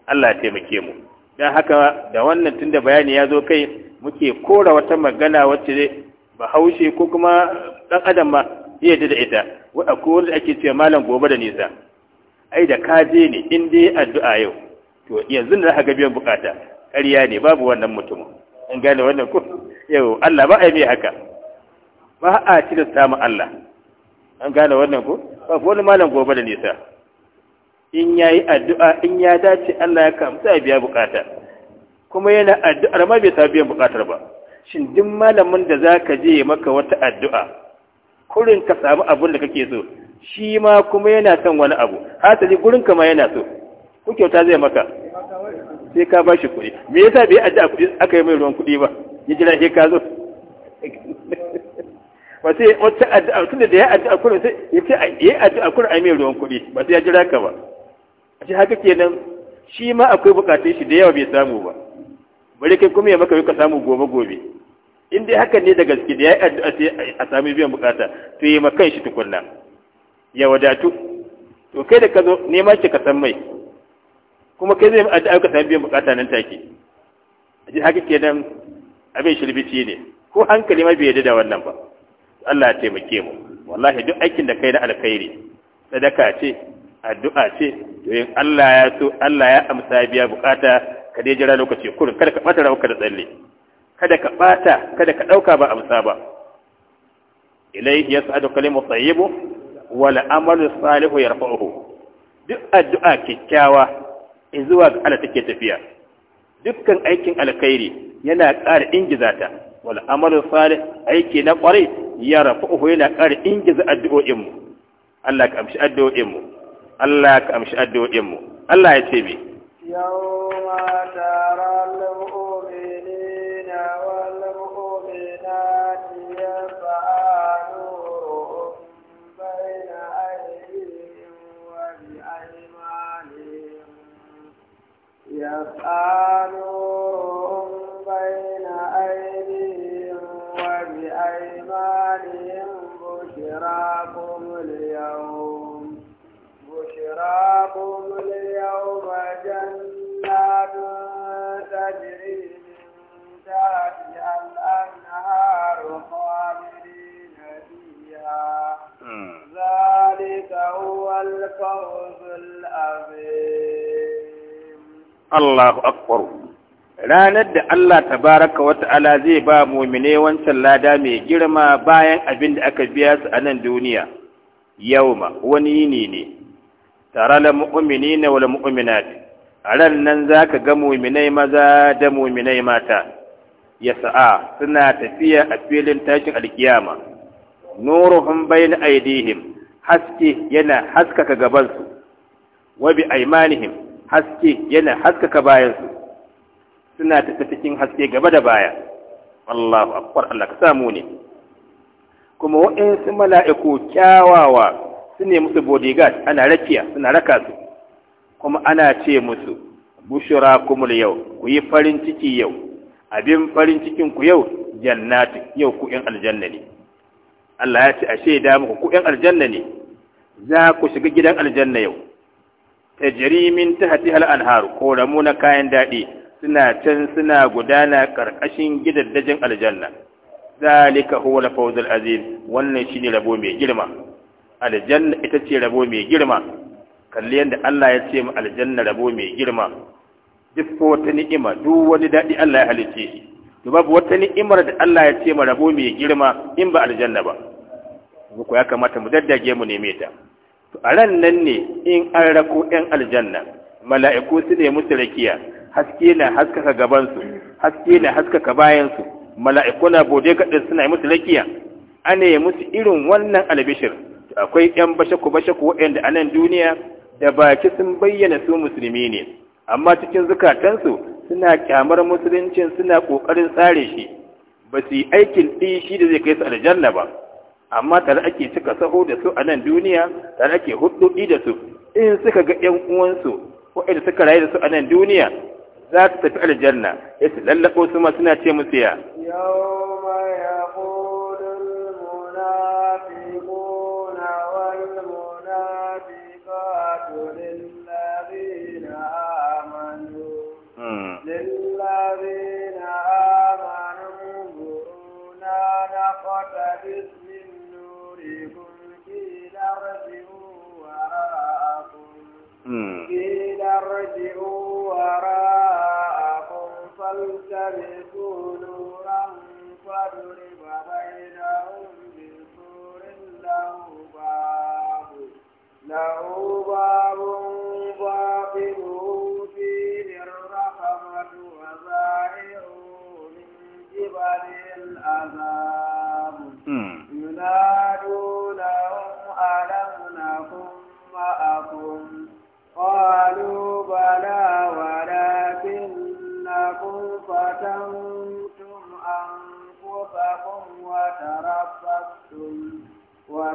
Allah ya taimake mu dan haka da wannan tunda bayani ya zo kai muke kora wata magana wacce bahaushe ko kuma dan adam ma iya da ita wa akwai wanda ake cewa malam gobe da nisa ai da ka je ne in dai addu'a yau to yanzu da haka biyan bukata ƙarya ne babu wannan mutumin an gane wannan ko yau Allah ba a yi haka ba a tilasta samun Allah an gane wannan ko ba wani malam gobe da nisa in ya yi addu'a in ya dace Allah ya kamta ya biya bukata kuma yana addu'ar ma bai sa biyan bukatar ba shin duk malamin da za ka je maka wata addu'a kurin ka samu abin da kake so shi ma kuma yana son wani abu ji gurin ka ma yana so ku kyauta zai maka sai ka bashi kuɗi me yasa bai addu'a kuɗi aka yi mai ruwan kuɗi ba ya jira sai ka zo ba sai wata addu'a tun da ya addu'a kullum sai ya ce ya addu'a a yi mai ruwan kuɗi ba sai ya jira ka ba a ce haka kenan shi ma akwai bukatun shi da yawa bai samu ba bari kai kuma ya maka yi ka samu gobe gobe in dai hakan ne da gaske da ya yi addu'a sai a sami biyan bukata to yi makan shi tukunna ya wadatu to kai da ka zo nema ce ka san mai kuma kai zai yi addu'a ka sami biyan bukata nan take a ce haka kenan abin shirbici ne ko hankali ma bai yarda da wannan ba Allah ya taimake mu wallahi duk aikin da kai na alkhairi sadaka ce addu'a ce to yin Allah ya so Allah ya amsa biya bukata ka dai jira lokaci kurin kada ka bata rawka da tsalle kada ka bata kada ka dauka ba amsa ba ilayhi yas'adu kalimu tayyibu wal amalu salihu yarfa'uhu duk addu'a kikkiawa zuwa ga Allah take tafiya dukkan aikin alkhairi yana ƙara ingiza ta wal amalu salih aiki na kwarai ya rafu yana ƙara ingiza addu'o'in mu Allah ka amshi addu'o'in mu Allah ka amshi addu'o'in mu Allah ya ce me yawma taral mu'minina wal mu'minati yas'alu baina aydihim wa bi aymanihim yas'alu اليوم بشراكم اليوم جنات تجري من تحتها الأنهار خالدين فيها ذلك هو الفوز العظيم الله أكبر ranar da Allah tabaraka wata'ala zai ba mumine wancan lada mai girma bayan abin da aka biya su a nan duniya yawma wani yini ne tare da mu'mini na wal mu'minat ran nan zaka ga mu'minai maza da mu'minai mata sa'a suna tafiya a filin tashin alkiyama nuruhum bayna aydihim haske yana haskaka gabansu wa bi aymanihim haske yana haskaka bayansu suna tafi cikin haske gaba da baya Allahu akbar Allah ka samu ne kuma waɗansu mala'iku kyawawa su ne musu bodyguard ana rakiya suna raka su kuma ana ce musu bushura kumul yau ku yi farin ciki yau abin farin cikin ku yau jannati yau ku aljanna ne Allah ya ce a shaida muku ku ƴan aljanna ne za ku shiga gidan aljanna yau tajri min tahti hal anhar koramu na kayan daɗi suna can suna gudana ƙarƙashin dajin aljanna zalika huwa al-fawz al-azim wannan shine rabo mai girma aljanna ita ce rabo mai girma Kalle yadda Allah ya ce mu aljanna rabo mai girma duk wata ni'ima duk wani daɗi Allah ya halice shi to babu wata ni'imar da Allah ya ce mu rabo mai girma in ba aljanna ba ko ya kamata mu daddage mu neme ta to a ran nan ne in an rako ɗan aljanna mala'iku su ne musu rakiya haske na haskaka gabansu haske na haskaka bayansu mala'ikuna bude kaɗin suna yi musu lakiya ana yi musu irin wannan albishir akwai ‘yan bashaku bashaku waɗanda a nan duniya da baki sun bayyana su musulmi ne amma cikin zukatansu suna kyamar musuluncin suna ƙoƙarin tsare shi ba su yi aikin ɗishi da zai kai su aljanna ba amma tare ake cika saho da su a nan duniya tare ake huɗuɗi da su in suka ga ‘yan uwansu waɗanda suka rayu da su a nan duniya za su tafi aljanna ya su su ma suna ce musu ya يوم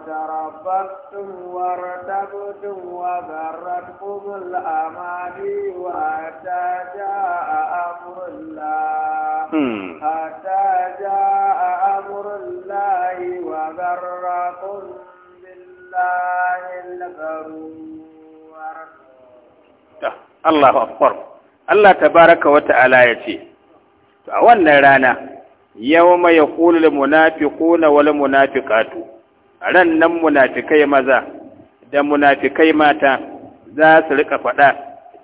تربصتم وارتبتم وغرتكم الأماني حتى جاء أمر الله حتى جاء أمر الله وغركم بالله الغرور الله أكبر الله تبارك وتعالى يتي وأنا wannan يوم يقول المنافقون kulul ran nan munafikai maza da munafikai mata za su rika faɗa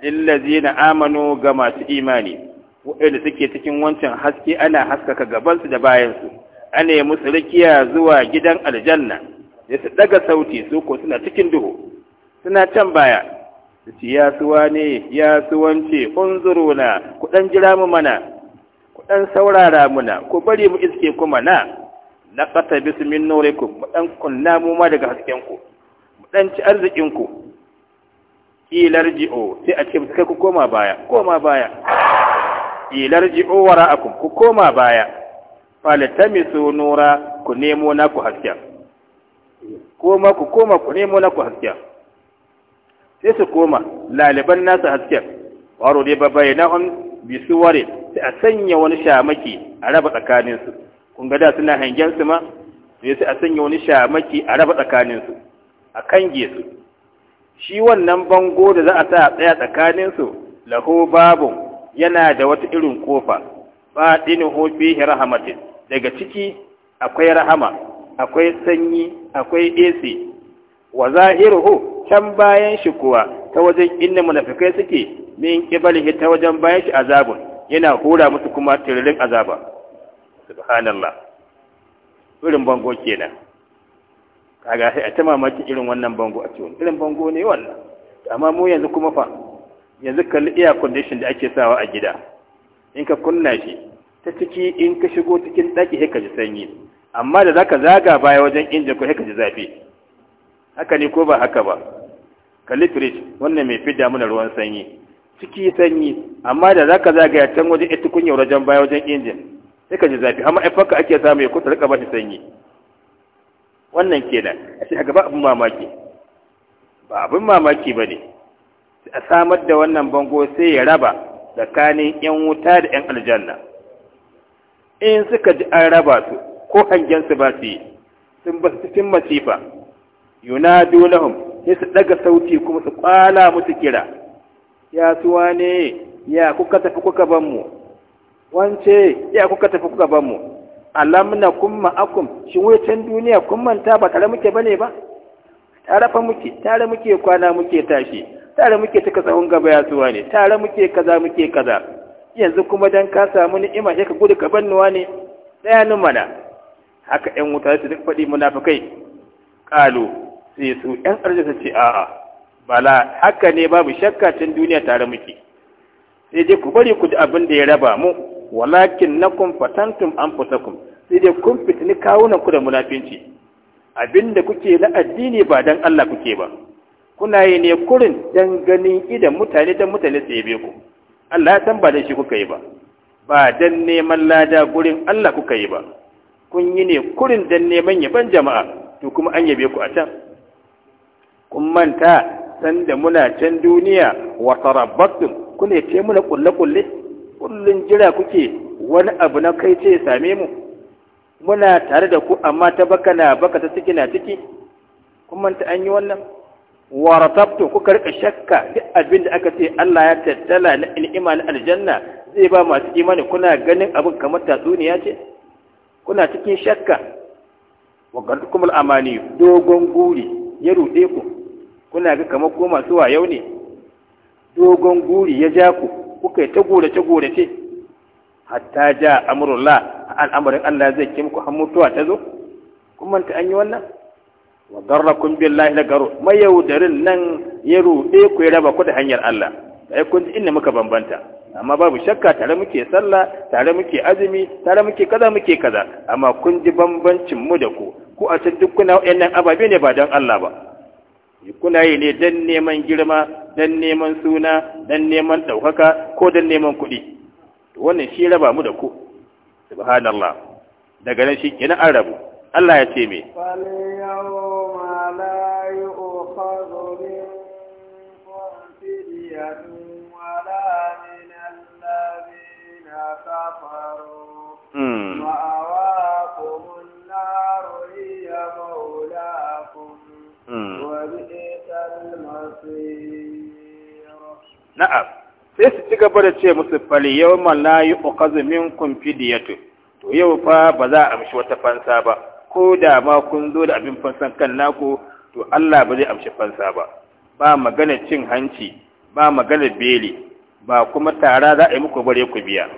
lillazina amanu ga masu imani waɗanda suke cikin wancan haske ana haskaka gabansu da bayansu ana yi musu rikiya zuwa gidan aljanna ya su daga sauti su ko suna cikin duhu suna can baya su ce ya suwa ne ya suwance unzuru na ku ɗan jira mu mana ku ɗan saurara muna ko bari mu iske kuma na na ƙasa bisu min nurikum mu ɗan kunna mu ma daga haskenku mu ɗan ci arzikinku ilar ji'o sai a ce kai ku koma baya koma baya ilar ji'o wara akum ku koma baya falitamisu nura ku nemo na ku hasken koma ku koma ku nemo na ku hasken sai su koma laliban nasu hasken waro dai babaye na hun ware sai a sanya wani shamaki a raba tsakaninsu kun ga suna hangen su ma sai sai a sanya wani shamaki a raba tsakanin su a kange su shi wannan bango da za a sa a tsaya tsakanin su lahu babu yana da wata irin kofa fadinuhu fihi rahmatin daga ciki akwai rahama akwai sanyi akwai AC wa zahiruhu can bayan shi kuwa ta wajen inda munafikai suke min kibalihi ta wajen bayan shi azabun yana hura musu kuma tiririn azaba subhanallah irin bango kenan kaga sai a ta mamaki irin wannan bango a cikin irin bango ne wannan amma mu yanzu kuma fa yanzu kalli air condition da ake sawa a gida in ka kunna shi ta ciki in ka shigo cikin ɗaki sai ka ji sanyi amma da zaka zaga baya wajen injin ko sai ka ji zafi haka ne ko ba haka ba kalli fridge wannan mai fidda mana ruwan sanyi ciki sanyi amma da zaka ya can wajen ita kunya wajen baya wajen injin sai ka ji zafi amma ai fanka ake samu ya kuta rika bashi sanyi wannan kenan a ce a gaba abin mamaki ba abin mamaki ba ne a samar da wannan bango sai ya raba tsakanin 'yan wuta da 'yan aljanna in suka ji an raba su ko hangen su ba su yi sun ba su cikin masifa yunadu lahum sai su daga sauti kuma su kwala musu kira ya suwa ne ya kuka tafi kuka ban wance ya kuka tafi kuka ban mu alamna kun ma'akum shi wucin duniya kun manta ba tare muke bane ba tare fa muke tare muke kwana muke tashi tare muke cika tsawon gaba ya zuwa ne tare muke kaza muke kaza yanzu kuma dan ka samu ni'ima sai ka gudu ka bannuwa ne ni mana haka ɗan wuta su duk faɗi munafukai. ƙalu sai su ɗan arziki su ce a'a bala haka ne babu shakka tun duniya tare muke sai dai ku bari ku da abin da ya raba mu walakin na nakum fatantum anfusakum sai dai kun fitini kawunan ku da munafinci abinda kuke na addini ba dan Allah kuke ba kuna yi ne kurin dan ganin idan mutane dan mutane su yabe ku Allah ya san ba dan shi kuka yi ba ba dan neman lada gurin Allah kuka yi ba kun yi ne kurin dan neman yaban jama'a to kuma an yabe ku a can kun manta sanda muna can duniya wa tarabbatum kuna ce muna kulle kulle Kullum jira kuke wani abu na kai ce same mu muna tare da ku amma ta baka na baka ta ciki na ciki kuma manta an yi wannan waratabtu kuka rika shakka duk abin da aka ce Allah ya tattala na ni'ima na aljanna zai ba masu imani kuna ganin abin kamar tatsuniya ce kuna cikin shakka wa gardukumul amani dogon guri ya rude ku kuna ga kamar ko masu yau ne dogon guri ya ja ku kuka yi ta gorace gorace hatta ja amrullah al'amarin Allah zai ki muku har mutuwa ta zo kun manta an yi wannan wa darrakum billahi la garu mayaudarin nan ya ruɗe ku ya raba ku da hanyar Allah kai kun ji inda muka bambanta amma babu shakka tare muke sallah tare muke azumi tare muke kaza muke kaza amma kun ji bambancin mu da ku ku a san dukkan wayannan ababe ne ba don Allah ba kuna yi ne dan neman girma dan neman suna dan neman ɗaukaka ko dan neman kuɗi wannan shi raba mu da ku subhanallah daga nan shi kenan an rabu Allah ya ce me ولا na'am sai su ci gaba da ce musu fali yau ma la yi ukazu minkum fidiyatu to yau fa ba za a amshi wata fansa ba ko da ma kun zo da abin fansan kan naku to Allah ba zai amshi fansa ba ba magana cin hanci ba magana beli ba kuma tara za a yi muku bare ku biya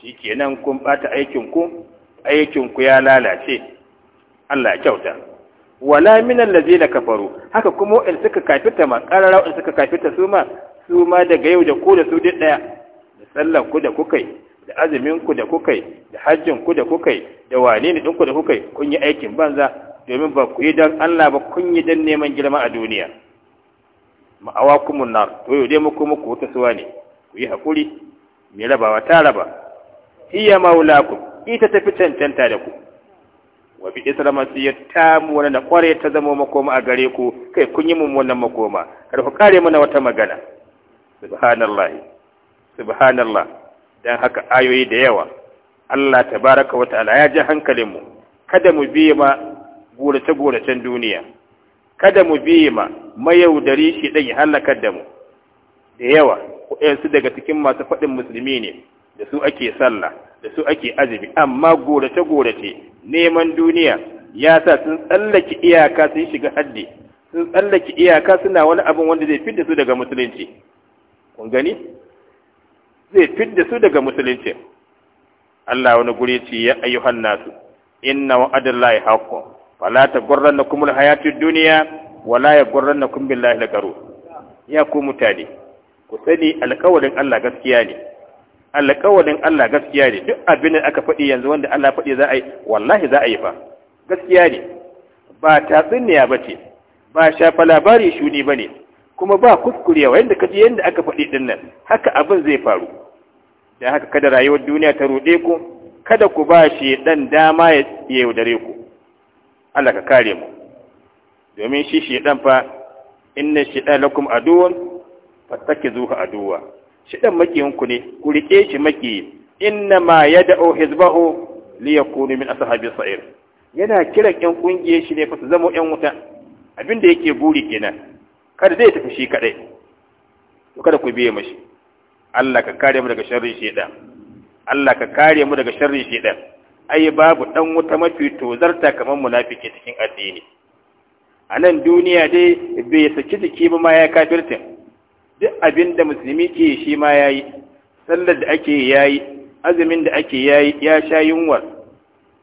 shi kenan kun bata aikinku ku ya lalace Allah kyauta wala min allazina kafaru haka kuma in suka kafirta ma qarara in suka kafirta su ma su ma daga yau da ku da su duk daya da sallar ku da kukai, da azumin ku da kukai, da hajjin ku da kukai, da wane ne ɗinku da kukai kun yi aikin banza domin ba ku yi dan Allah ba kun yi dan neman girma a duniya ma'awa kumun nar to yau dai muku muku wata suwa ne ku yi hakuri mai rabawa ta raba hiya maulakum ita tafi cancanta da ku wa bi isra masiyar tamu na kware ta zama makoma a gare ku kai kun yi wannan makoma kar ku kare mana wata magana subhanallahi subhanallah dan haka ayoyi da yawa Allah baraka wa ta'ala ya ji hankalin mu kada mu bi ma gurace guracen duniya kada mu biya ma mayaudari shi dan ya halaka da mu da yawa waɗansu daga cikin masu faɗin musulmi ne da su ake sallah da su ake azumi amma gorace gorace neman duniya ya sa sun tsallake iyaka sun shiga haddi sun tsallake iyaka suna wani abin wanda zai fidda su daga musulunci kun gani zai fidda su daga musulunci Allah wani guri ce ya ayyuhan nasu inna wa'adallahi haqqun fala taghurrannakum alhayatud dunya wala yaghurrannakum billahi algharur ya ku mutane ku sani alƙawarin Allah gaskiya ne alƙawarin Allah gaskiya ne duk abin da aka faɗi yanzu wanda Allah faɗi za a yi wallahi za a yi fa gaskiya ne ba tatsuniya ba ce ba shafa labari shuni ba ne kuma ba kuskurewa yadda ji yadda aka faɗi ɗin nan haka abin zai faru da haka kada rayuwar duniya ta ruɗe ku kada ku ba shi ɗan dama ya yaudare ku Allah ka kare mu domin shi shi ɗan fa inna shi ɗan lakum aduwan fattakizuhu aduwa shi dan makiyinku ne ku rike shi maki inna ma yad'u hizbahu li yakunu min ashabi sa'ir yana kiran yan ƙungiyar shi ne fa su zama yan wuta abinda yake buri kenan kada zai tafi shi kadai to kada ku biye mashi Allah ka kare mu daga sharrin shedan Allah ka kare mu daga sharrin shedan ai babu dan wuta mafi tozarta kamar munafiki cikin addini a nan duniya dai bai saki jiki ba ma ya kafirtin duk abin da musulmi ke shi ma ya yi sallar da ake ya yi azumin da ake ya yi ya sha yunwa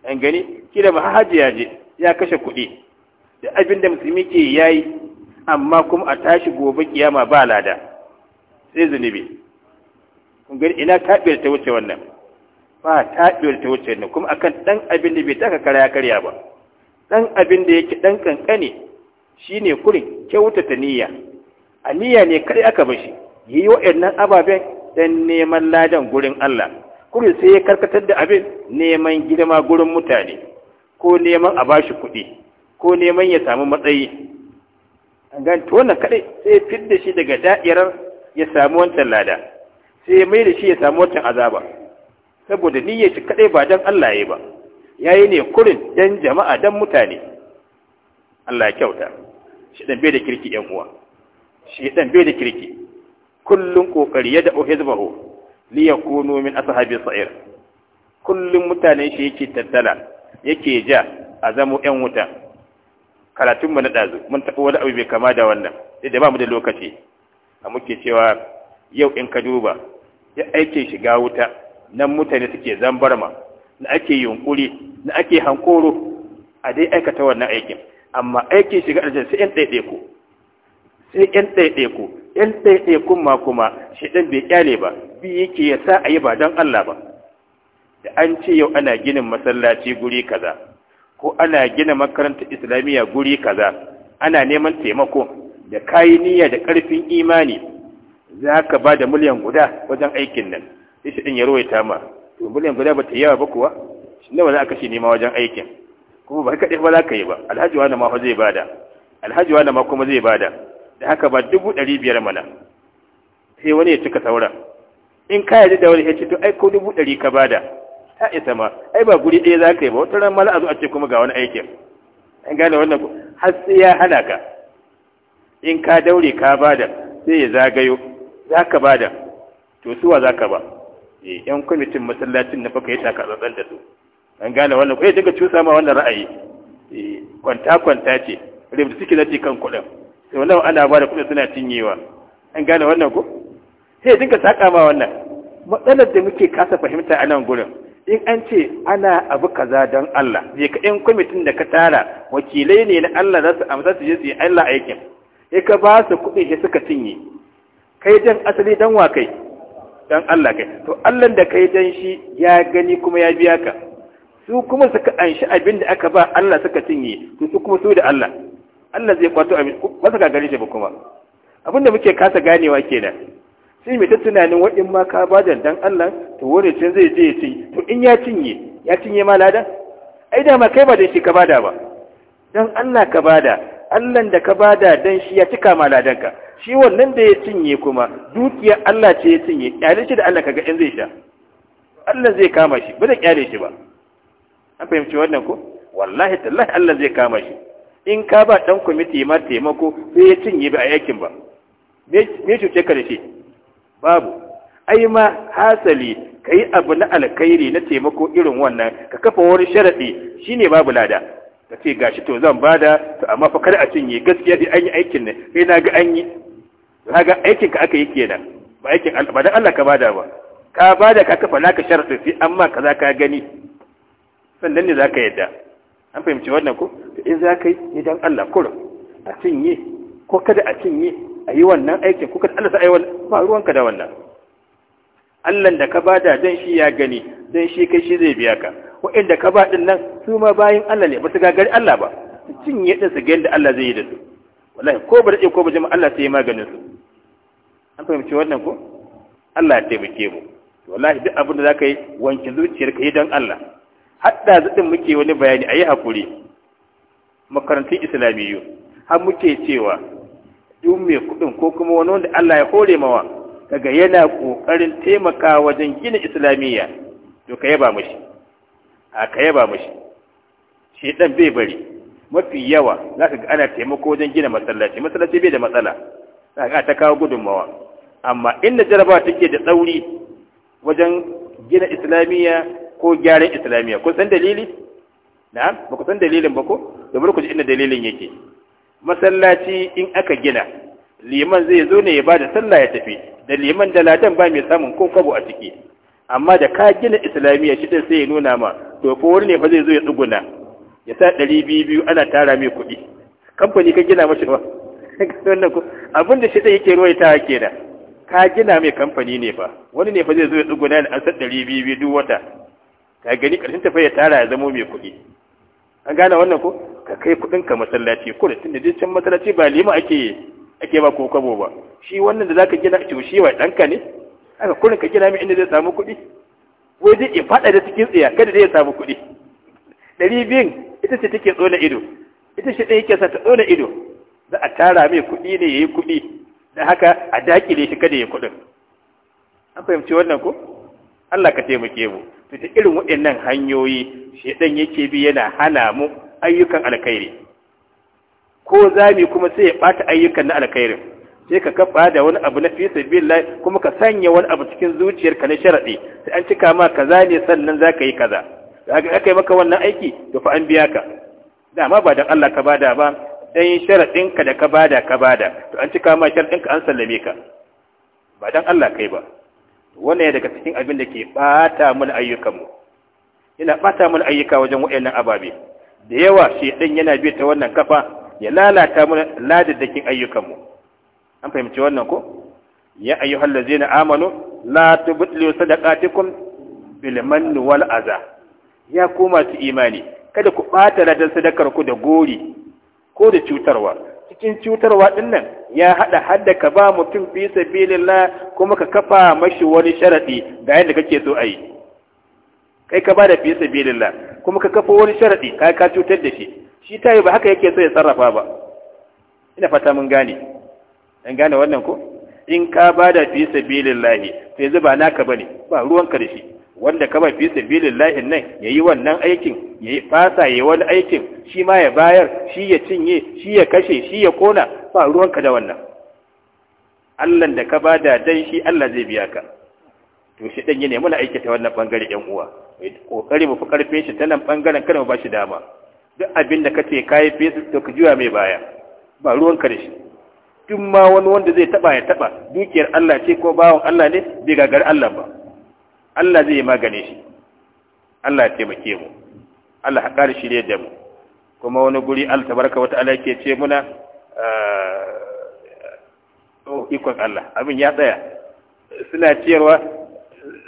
an gani kila ma hajji ya je ya kashe kuɗi duk abin da musulmi ke ya yi amma kuma a tashi gobe kiyama ba lada sai zunubi kun gani ina taɓiyar ta wuce wannan ba taɓiyar ta wuce wannan kuma akan ɗan abin da bai taka karya karya ba ɗan abin da yake ɗan ƙanƙane shine kurin kyautata niyya aniya ne kadai aka bashi yi waɗannan ababen dan neman ladan gurin Allah kuri sai ya karkatar da abin neman girma gurin mutane ko neman a bashi kuɗi ko neman ya samu matsayi an gan to wannan kadai sai fidda shi daga da'irar ya samu wancan lada sai mai da shi ya samu wancan azaba saboda niyyar shi kadai ba dan Allah yayi ba yayi ne kurin dan jama'a dan mutane Allah ya kyauta shi dan bai da kirki yan uwa ɗan bai da kirki Kullum kokari ya da'u hizbahu li yakunu min ashabi sa'ir kullun mutane shi yake tattala yake ja a zamo ƴan wuta karatun mu na dazu mun tafi wani abu bai kama da wannan sai da ba mu da lokaci a muke cewa yau in ka duba ya aike shiga wuta nan mutane suke zambarma na ake yunkuri na ake hankoro a dai aikata wannan aikin amma aikin shiga aljanna sai yan ɗaiɗaiku sai yan ɗaiɗaiku yan ɗaiɗaikun ma kuma shi ɗan bai ƙyale ba bi yake ya sa a yi ba don Allah ba da an ce yau ana ginin masallaci guri kaza ko ana gina makarantar islamiyya guri kaza ana neman taimako da kayi niyya da ƙarfin imani za ka ba da miliyan guda wajen aikin nan sai shi ɗin ya ta ma to miliyan guda ba ta yawa ba kuwa shi nawa za a kashe nema wajen aikin kuma ba kaɗai ba za ka yi ba alhaji wani ma zai bada alhaji wani ma kuma zai bada da haka ba dubu ɗari biyar mana sai wani ya cika sauran in ka yaji da wani ya ce to ai ko dubu ɗari ka bada ta isa ma ai ba guri ɗaya za ka yi ba wata ran mala a zo a ce kuma ga wani aikin an gane wannan har sai ya hana ka in ka daure ka bada sai ya zagayo za ka bada to suwa za ka ba yan eh, kwamitin masallacin na faka ya taka tsatsan da su an gane wannan ko ya eh, daga cusa ma wannan ra'ayi eh, kwanta kwanta ce rim suke na kan kuɗin to wannan ana ba da kuɗi suna cinyewa an gane wannan ko sai dinka saka ma wannan matsalar da muke kasa fahimta a nan gurin in an ce ana abu kaza don Allah je ka in kwamitin da ka tara wakilai ne na Allah za su amsa su je su yi Allah aikin sai ka ba su kuɗi sai suka cinye kai dan asali dan wa kai dan Allah kai to Allah da kai dan shi ya gani kuma ya biya ka su kuma suka anshi abin da aka ba Allah suka cinye to su kuma su da Allah Allah zai kwato abin masa su gagare shi kuma abin da muke kasa ganewa kenan sai mai ta tunanin waɗin ma ka ba da dan Allah to wani can zai je ya ci to in ya cinye ya cinye ma ladan ai dama kai ba da shi ka bada ba dan Allah ka bada Allah da ka bada dan shi ya cika ma ka shi wannan da ya cinye kuma dukiyar Allah ce ya cinye kyale shi da Allah kaga in zai sha Allah zai kama shi ba da kyale shi ba an fahimci wannan ko wallahi tallahi Allah zai kama shi in ka ba ɗan kwamiti ma taimako sai ya cinye ba a yakin ba me cuce ka da shi babu ai ma hasali ka yi abu na alkhairi na taimako irin wannan ka kafa wani sharaɗi shine babu lada ka ce gashi to zan bada to amma fa kada a cinye gaskiya dai an yi aikin ne sai na ga an yi na ga aikin ka aka yi kenan ba aikin ba dan Allah ka bada ba ka bada ka kafa naka sharaɗi sai amma kaza ka gani sannan ne zaka yadda an fahimci wannan ko in za ka yi ni don Allah kurum a cinye ko kada a cinye a yi wannan aikin ko kada Allah sa a yi wannan ba ruwanka da wannan Allah da ka bada zan shi ya gani zan shi kai shi zai biya ka waɗanda ka ba ɗin nan su ma bayan Allah ne ba su gagari Allah ba su cinye ɗin su gani da Allah zai yi da su wallahi ko ba da ko ba jama'a Allah sai ya maganin su an fahimci wannan ko Allah ya taimake mu wallahi duk abin da za ka yi wanke zuciyar ka yi don Allah hadda zaɗin muke wani bayani a yi haƙuri makarantun islamiyyu har muke cewa duk mai kuɗin ko kuma wani wanda Allah ya hore mawa daga yana ƙoƙarin taimaka wajen gina islamiyya to ka yaba mashi a ka yaba mashi shi ɗan bai bari mafi yawa za ka ga ana taimako wajen gina masallaci masallaci bai da matsala za ka ta kawo gudunmawa amma inda jaraba take da tsauri wajen gina islamiyya ko gyaran islamiyya kun san dalili na'am ba ku san dalilin ba ko domin ku ji inda dalilin yake masallaci in aka gina liman zai zo ne ya bada sallah ya tafi da liman da ladan ba mai samun ko kabo a ciki amma da ka gina islamiyya shi sai ya nuna ma to fa wani ne fa zai zo ya tsuguna ya sa ɗari biyu biyu ana tara mai kuɗi kamfani ka gina mashi ba abin da shi yake ruwaita da ka gina mai kamfani ne fa wani ne fa zai zo ya tsuguna da an san ɗari biyu biyu duk wata ka gani ƙarshen tafiya ya tara ya zamo mai kuɗi an gane wannan ko ka kai kudin ka masallaci ko da tun da can masallaci ba lima ake ake ba ko kabo ba shi wannan da zaka gina ce shi wai danka ne aka kurin ka gina mai inda zai samu kuɗi wai zai ya fada da cikin tsiya kada zai samu kuɗi ɗari biyun ita ce take tsona ido ita ce ɗaya ke sa ta tsona ido za a tara mai kuɗi ne ya yi kuɗi da haka a dakile shi kada ya kudin an fahimci wannan ko Allah ka taimake mu Fita irin waɗannan hanyoyi shi ɗan yake bi yana hana mu ayyukan alkhairi ko zami kuma sai ya ɓata ayyukan na alkhairin sai ka kafa da wani abu na fi sabilillah kuma ka sanya wani abu cikin zuciyarka na sharaɗi sai an cika ma kaza ne sannan za ka yi kaza aka yi maka wannan aiki to fa an biya ka dama ba dan Allah ka bada ba dan sharadin ka da ka bada ka bada to an cika ma sharadin ka an sallame ka ba dan Allah kai ba wannan ya daga cikin abin da ke bata mana ayyukanmu ina bata mana ayyuka wajen waɗannan ababe da yawa shi shedan yana bi ta wannan kafa ya lalata mana ladaddakin ayyukanmu an fahimci wannan ko ya ayyuhal ladzina amanu la tubtilu sadaqatikum bil manni wal aza ya koma su imani kada ku ɓata ladan sadakar ku da gori ko da cutarwa cikin cutarwa ɗin nan ya haɗa hadda ka ba mutum fi sabilillah kuma ka kafa mashi wani sharaɗi ga yadda kake so ayi kai ka ba da fi sabilillah kuma ka kafa wani sharaɗi ka ka cutar da shi shi ta yi ba haka yake so ya sarrafa ba ina fata mun gane an gane wannan ko in ka ba da fi sabilillah to yanzu ba naka bane ba ruwanka da shi wanda kama fi sabilin lahin nan ya yi wannan aikin ya yi fasa ya yi wani aikin shi ma ya bayar shi ya cinye shi ya kashe shi ya kona ba ruwanka da wannan allan da ka ba da dan shi allah zai biya ka to shi ɗan yana muna aiki ta wannan ɓangare ‘yan uwa ƙoƙari mu fi ƙarfin shi ta nan ɓangaren kada mu ba shi dama duk abin da ka ce ka yi fesu to ka juya mai baya ba ruwanka da shi duk ma wani wanda zai taɓa ya taɓa dukiyar allah ce ko bawan allah ne bai gagar allah ba Allah zai magane shi Allah ya taimake mu Allah ya kare shirye da mu kuma wani guri altabarka wata ala ke ce muna ah, oh ikon Allah abin ya tsaya suna ciyarwa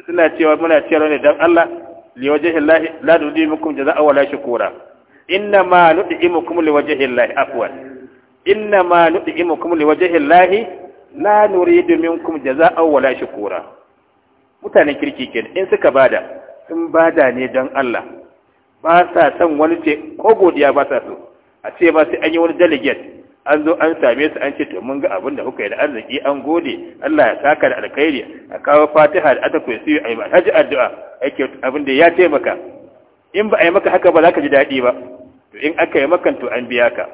suna cewa muna ciyarwa ne dan Allah li wajhi Allah la nudi minkum wala shukura inna ma nud'imukum li wajhi Allah afwan inna ma nud'imukum li wajhi Allah la nuridu minkum jazaa'a wala shukura mutanen kirki ke in suka bada sun bada ne don Allah ba sa son wani ce ko godiya ba sa so a ce ba sai an yi wani delegate an zo an same su an ce to mun ga abin da kuka yi da arziki an gode Allah ya saka da alkhairi a kawo Fatiha da atakwai su yi ma haji addu'a ake abin da ya taimaka in ba a yi maka haka ba za ka ji daɗi ba to in aka yi maka to an biya ka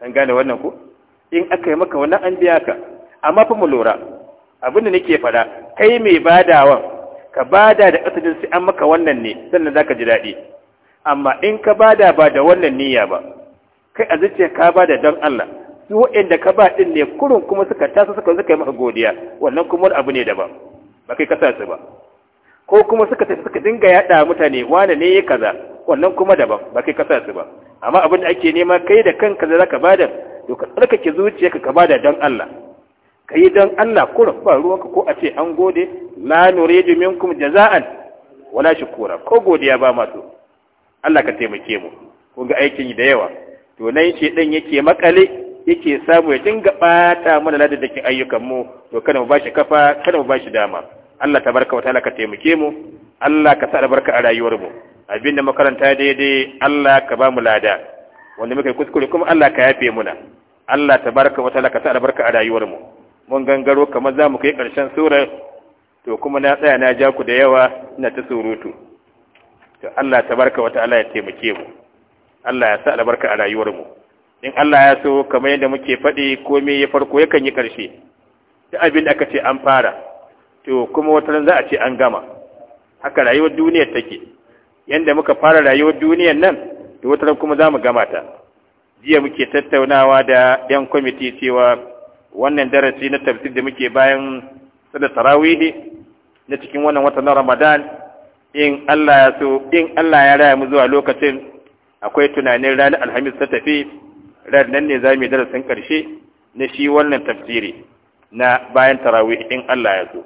an gane wannan ko in aka yi maka wannan an biya ka amma fa mu lura abinda nake fada kai mai badawan ka bada da asalin sai an maka wannan ne sannan zaka ji daɗi amma in ka bada ba da wannan niyya ba kai a zuciya ka bada don Allah su waɗanda ka ba din ne kurun kuma suka tasa suka suka yi maka godiya wannan kuma abu ne daban ba kai kasa su ba ko kuma suka tafi suka dinga yaɗa mutane wane ne ya kaza wannan kuma daban ba kai kasa su ba amma abin da ake nema kai da kanka da zaka bada to ka tsarkake zuciyarka ka bada don Allah kai don Allah kurin ba ruwanka ko a ce an gode la nuridu minkum jaza'an wala shukura ko godiya ba masu Allah ka taimake mu kun ga aikin da yawa to nan shi dan yake makale yake samu ya dinga bata mana ladadakin ayyukan mu to kada mu bashi kafa kada mu bashi dama Allah tabaraka ta'ala ka taimake mu Allah ka sa albarka a rayuwar mu abinda makaranta daidai Allah ka ba mu lada wanda muka kuskure kuma Allah ka yafe muna Allah tabaraka ta'ala ka sa albarka a rayuwar mu mun gangaro kamar za mu kai ƙarshen surar to kuma na tsaya na ja ku da yawa na ta surutu to Allah tabarka wa ta'ala ya taimake mu Allah ya sa albarka a rayuwar mu in Allah ya so kamar yadda muke faɗi komai ya farko yakan yi ƙarshe duk abin da aka ce an fara to kuma wata za a ce an gama haka rayuwar duniyar take yanda muka fara rayuwar duniyar nan to wata kuma za mu gama ta jiya muke tattaunawa da 'yan kwamiti cewa wannan darasi na tafsir da muke bayan sada tarawihi na cikin wannan watan Ramadan in Allah ya so in Allah ya raya mu zuwa lokacin akwai tunanin ranar Alhamis ta tafi ranar nan ne zamu darasin karshe na shi wannan tafsiri na bayan tarawihi in Allah ya so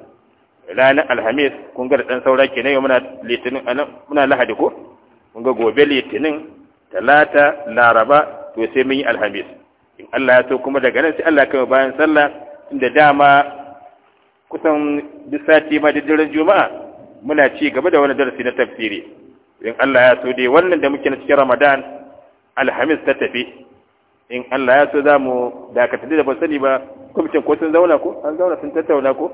ranar Alhamis kun ga dan saura kenan yau muna litinin anan muna Lahadi ko kun ga gobe litinin talata laraba to sai mun yi Alhamis in Allah ya so kuma daga nan sai Allah kai bayan sallah inda dama kusan duk sati ma daren juma'a muna ci gaba da wani darasi na tafsiri in Allah ya so dai wannan da muke na cikin Ramadan alhamis ta tafi in Allah ya so za mu dakatar da ban sani ba kwamitin ko sun zauna ko an zauna sun tattauna ko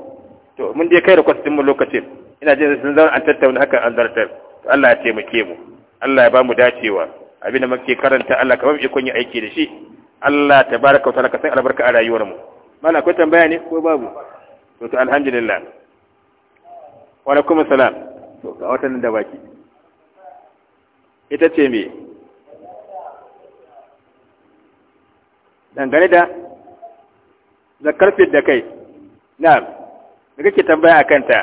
to mun dai kai request din mu lokacin ina jin sun zauna an tattauna haka an zartar to Allah ya taimake mu Allah ya ba mu dacewa abinda muke karanta Allah ka ba mu ikon yin aiki da shi Allah tabaraka wa kauta ka san albarka a rayuwar mu mana akwai tambaya ne ko babu to to alhamdulillah wa alaikum salam to ga watan da baki ita ce me dangane da zakar fit da kai na'am da kake tambaya akan ta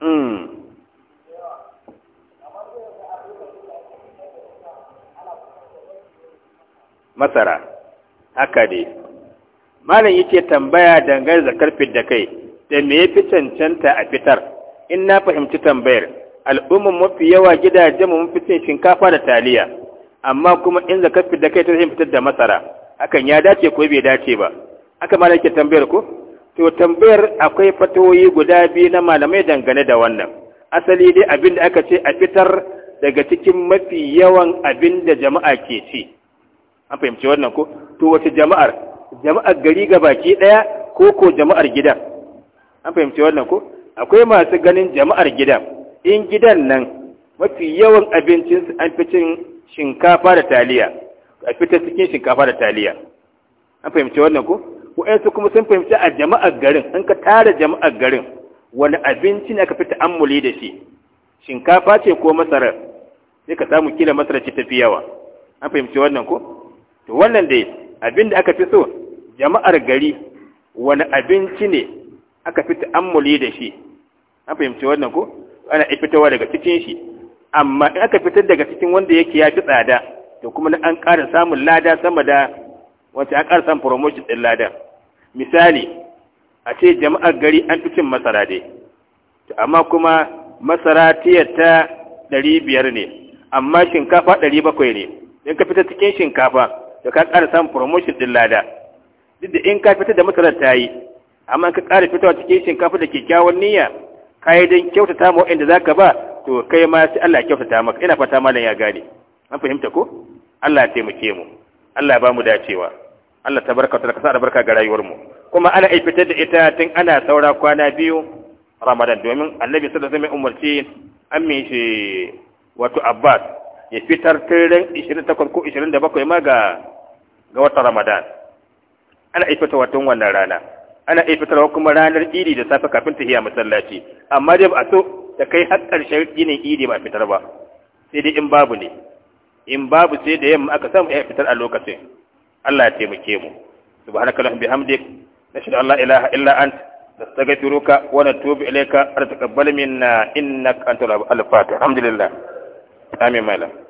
mm masara haka ne malam yake tambaya dangane da karfin da kai da me yafi cancanta a fitar in na fahimci tambayar al'umman mafi yawa gidaje, mu mafi cin shinkafa da taliya amma kuma in da karfin da kai ta zai fitar da masara hakan ya dace ko bai dace ba haka malam yake tambayar ko to tambayar akwai fatoyi guda biyu na malamai dangane da wannan asali dai abin da aka ce a fitar daga cikin mafi yawan abin da jama'a ke ci an fahimci wannan ko to wace jama'ar jama'ar gari ga baki ɗaya ko ko jama'ar gidan an fahimci wannan ko akwai masu ganin jama'ar gidan in gidan nan mafi yawan abincinsu an fi cin shinkafa da taliya a fitar cikin shinkafa da taliya an fahimci wannan ko wa'yansu kuma sun fahimci a jama'ar garin an ka tara jama'ar garin wani abinci ne aka fi ta'ammuli da shi shinkafa ce ko masarar sai ka samu kila masarar ce tafi yawa an fahimci wannan ko to wannan dai abin da aka fi so jama'ar gari wani abinci ne aka fi ta'ammuli da shi an fahimci wannan ko ana fitowa daga cikin shi amma in aka fitar daga cikin wanda yake ya fi tsada to kuma an ƙara samun lada sama da wacce an ƙara samun promotion ɗin lada misali a ce jama'ar gari an fi cin masara dai amma kuma masara ta ɗari biyar ne amma shinkafa ɗari bakwai ne in ka fita cikin shinkafa to ka ƙara samun promotion din lada duk da in ka fita da masarar ta yi amma ka ƙara fitowa cikin shinkafa da kyakkyawan niyya ka yi don kyautata ma waɗanda za ka ba to kai ma sai Allah kyautata maka ina fata malam ya gane an fahimta ko Allah ya taimake mu Allah ya ba mu dacewa Allah ta barka ta kasa barka ga rayuwar mu kuma ana ai fitar da ita tun ana saura kwana biyu Ramadan domin Annabi sallallahu alaihi wasallam umarci ammi shi wato Abbas ya fitar tirin 28 ko 27 ma ga ga wata ramadan ana ifita watan wannan rana ana ifita kuma ranar idi da safe kafin ta hiya masallaci amma dai ba a so da kai har ƙarshen yinin idi ba fitar ba sai dai in babu ne in babu sai da yamma aka samu ya fitar a lokacin Allah ya taimake mu subhanaka allahumma bihamdik nashhadu an la ilaha illa anta nastaghfiruka wa natubu ilayka wa taqabbal minna innaka antal al-fatih alhamdulillah amin malam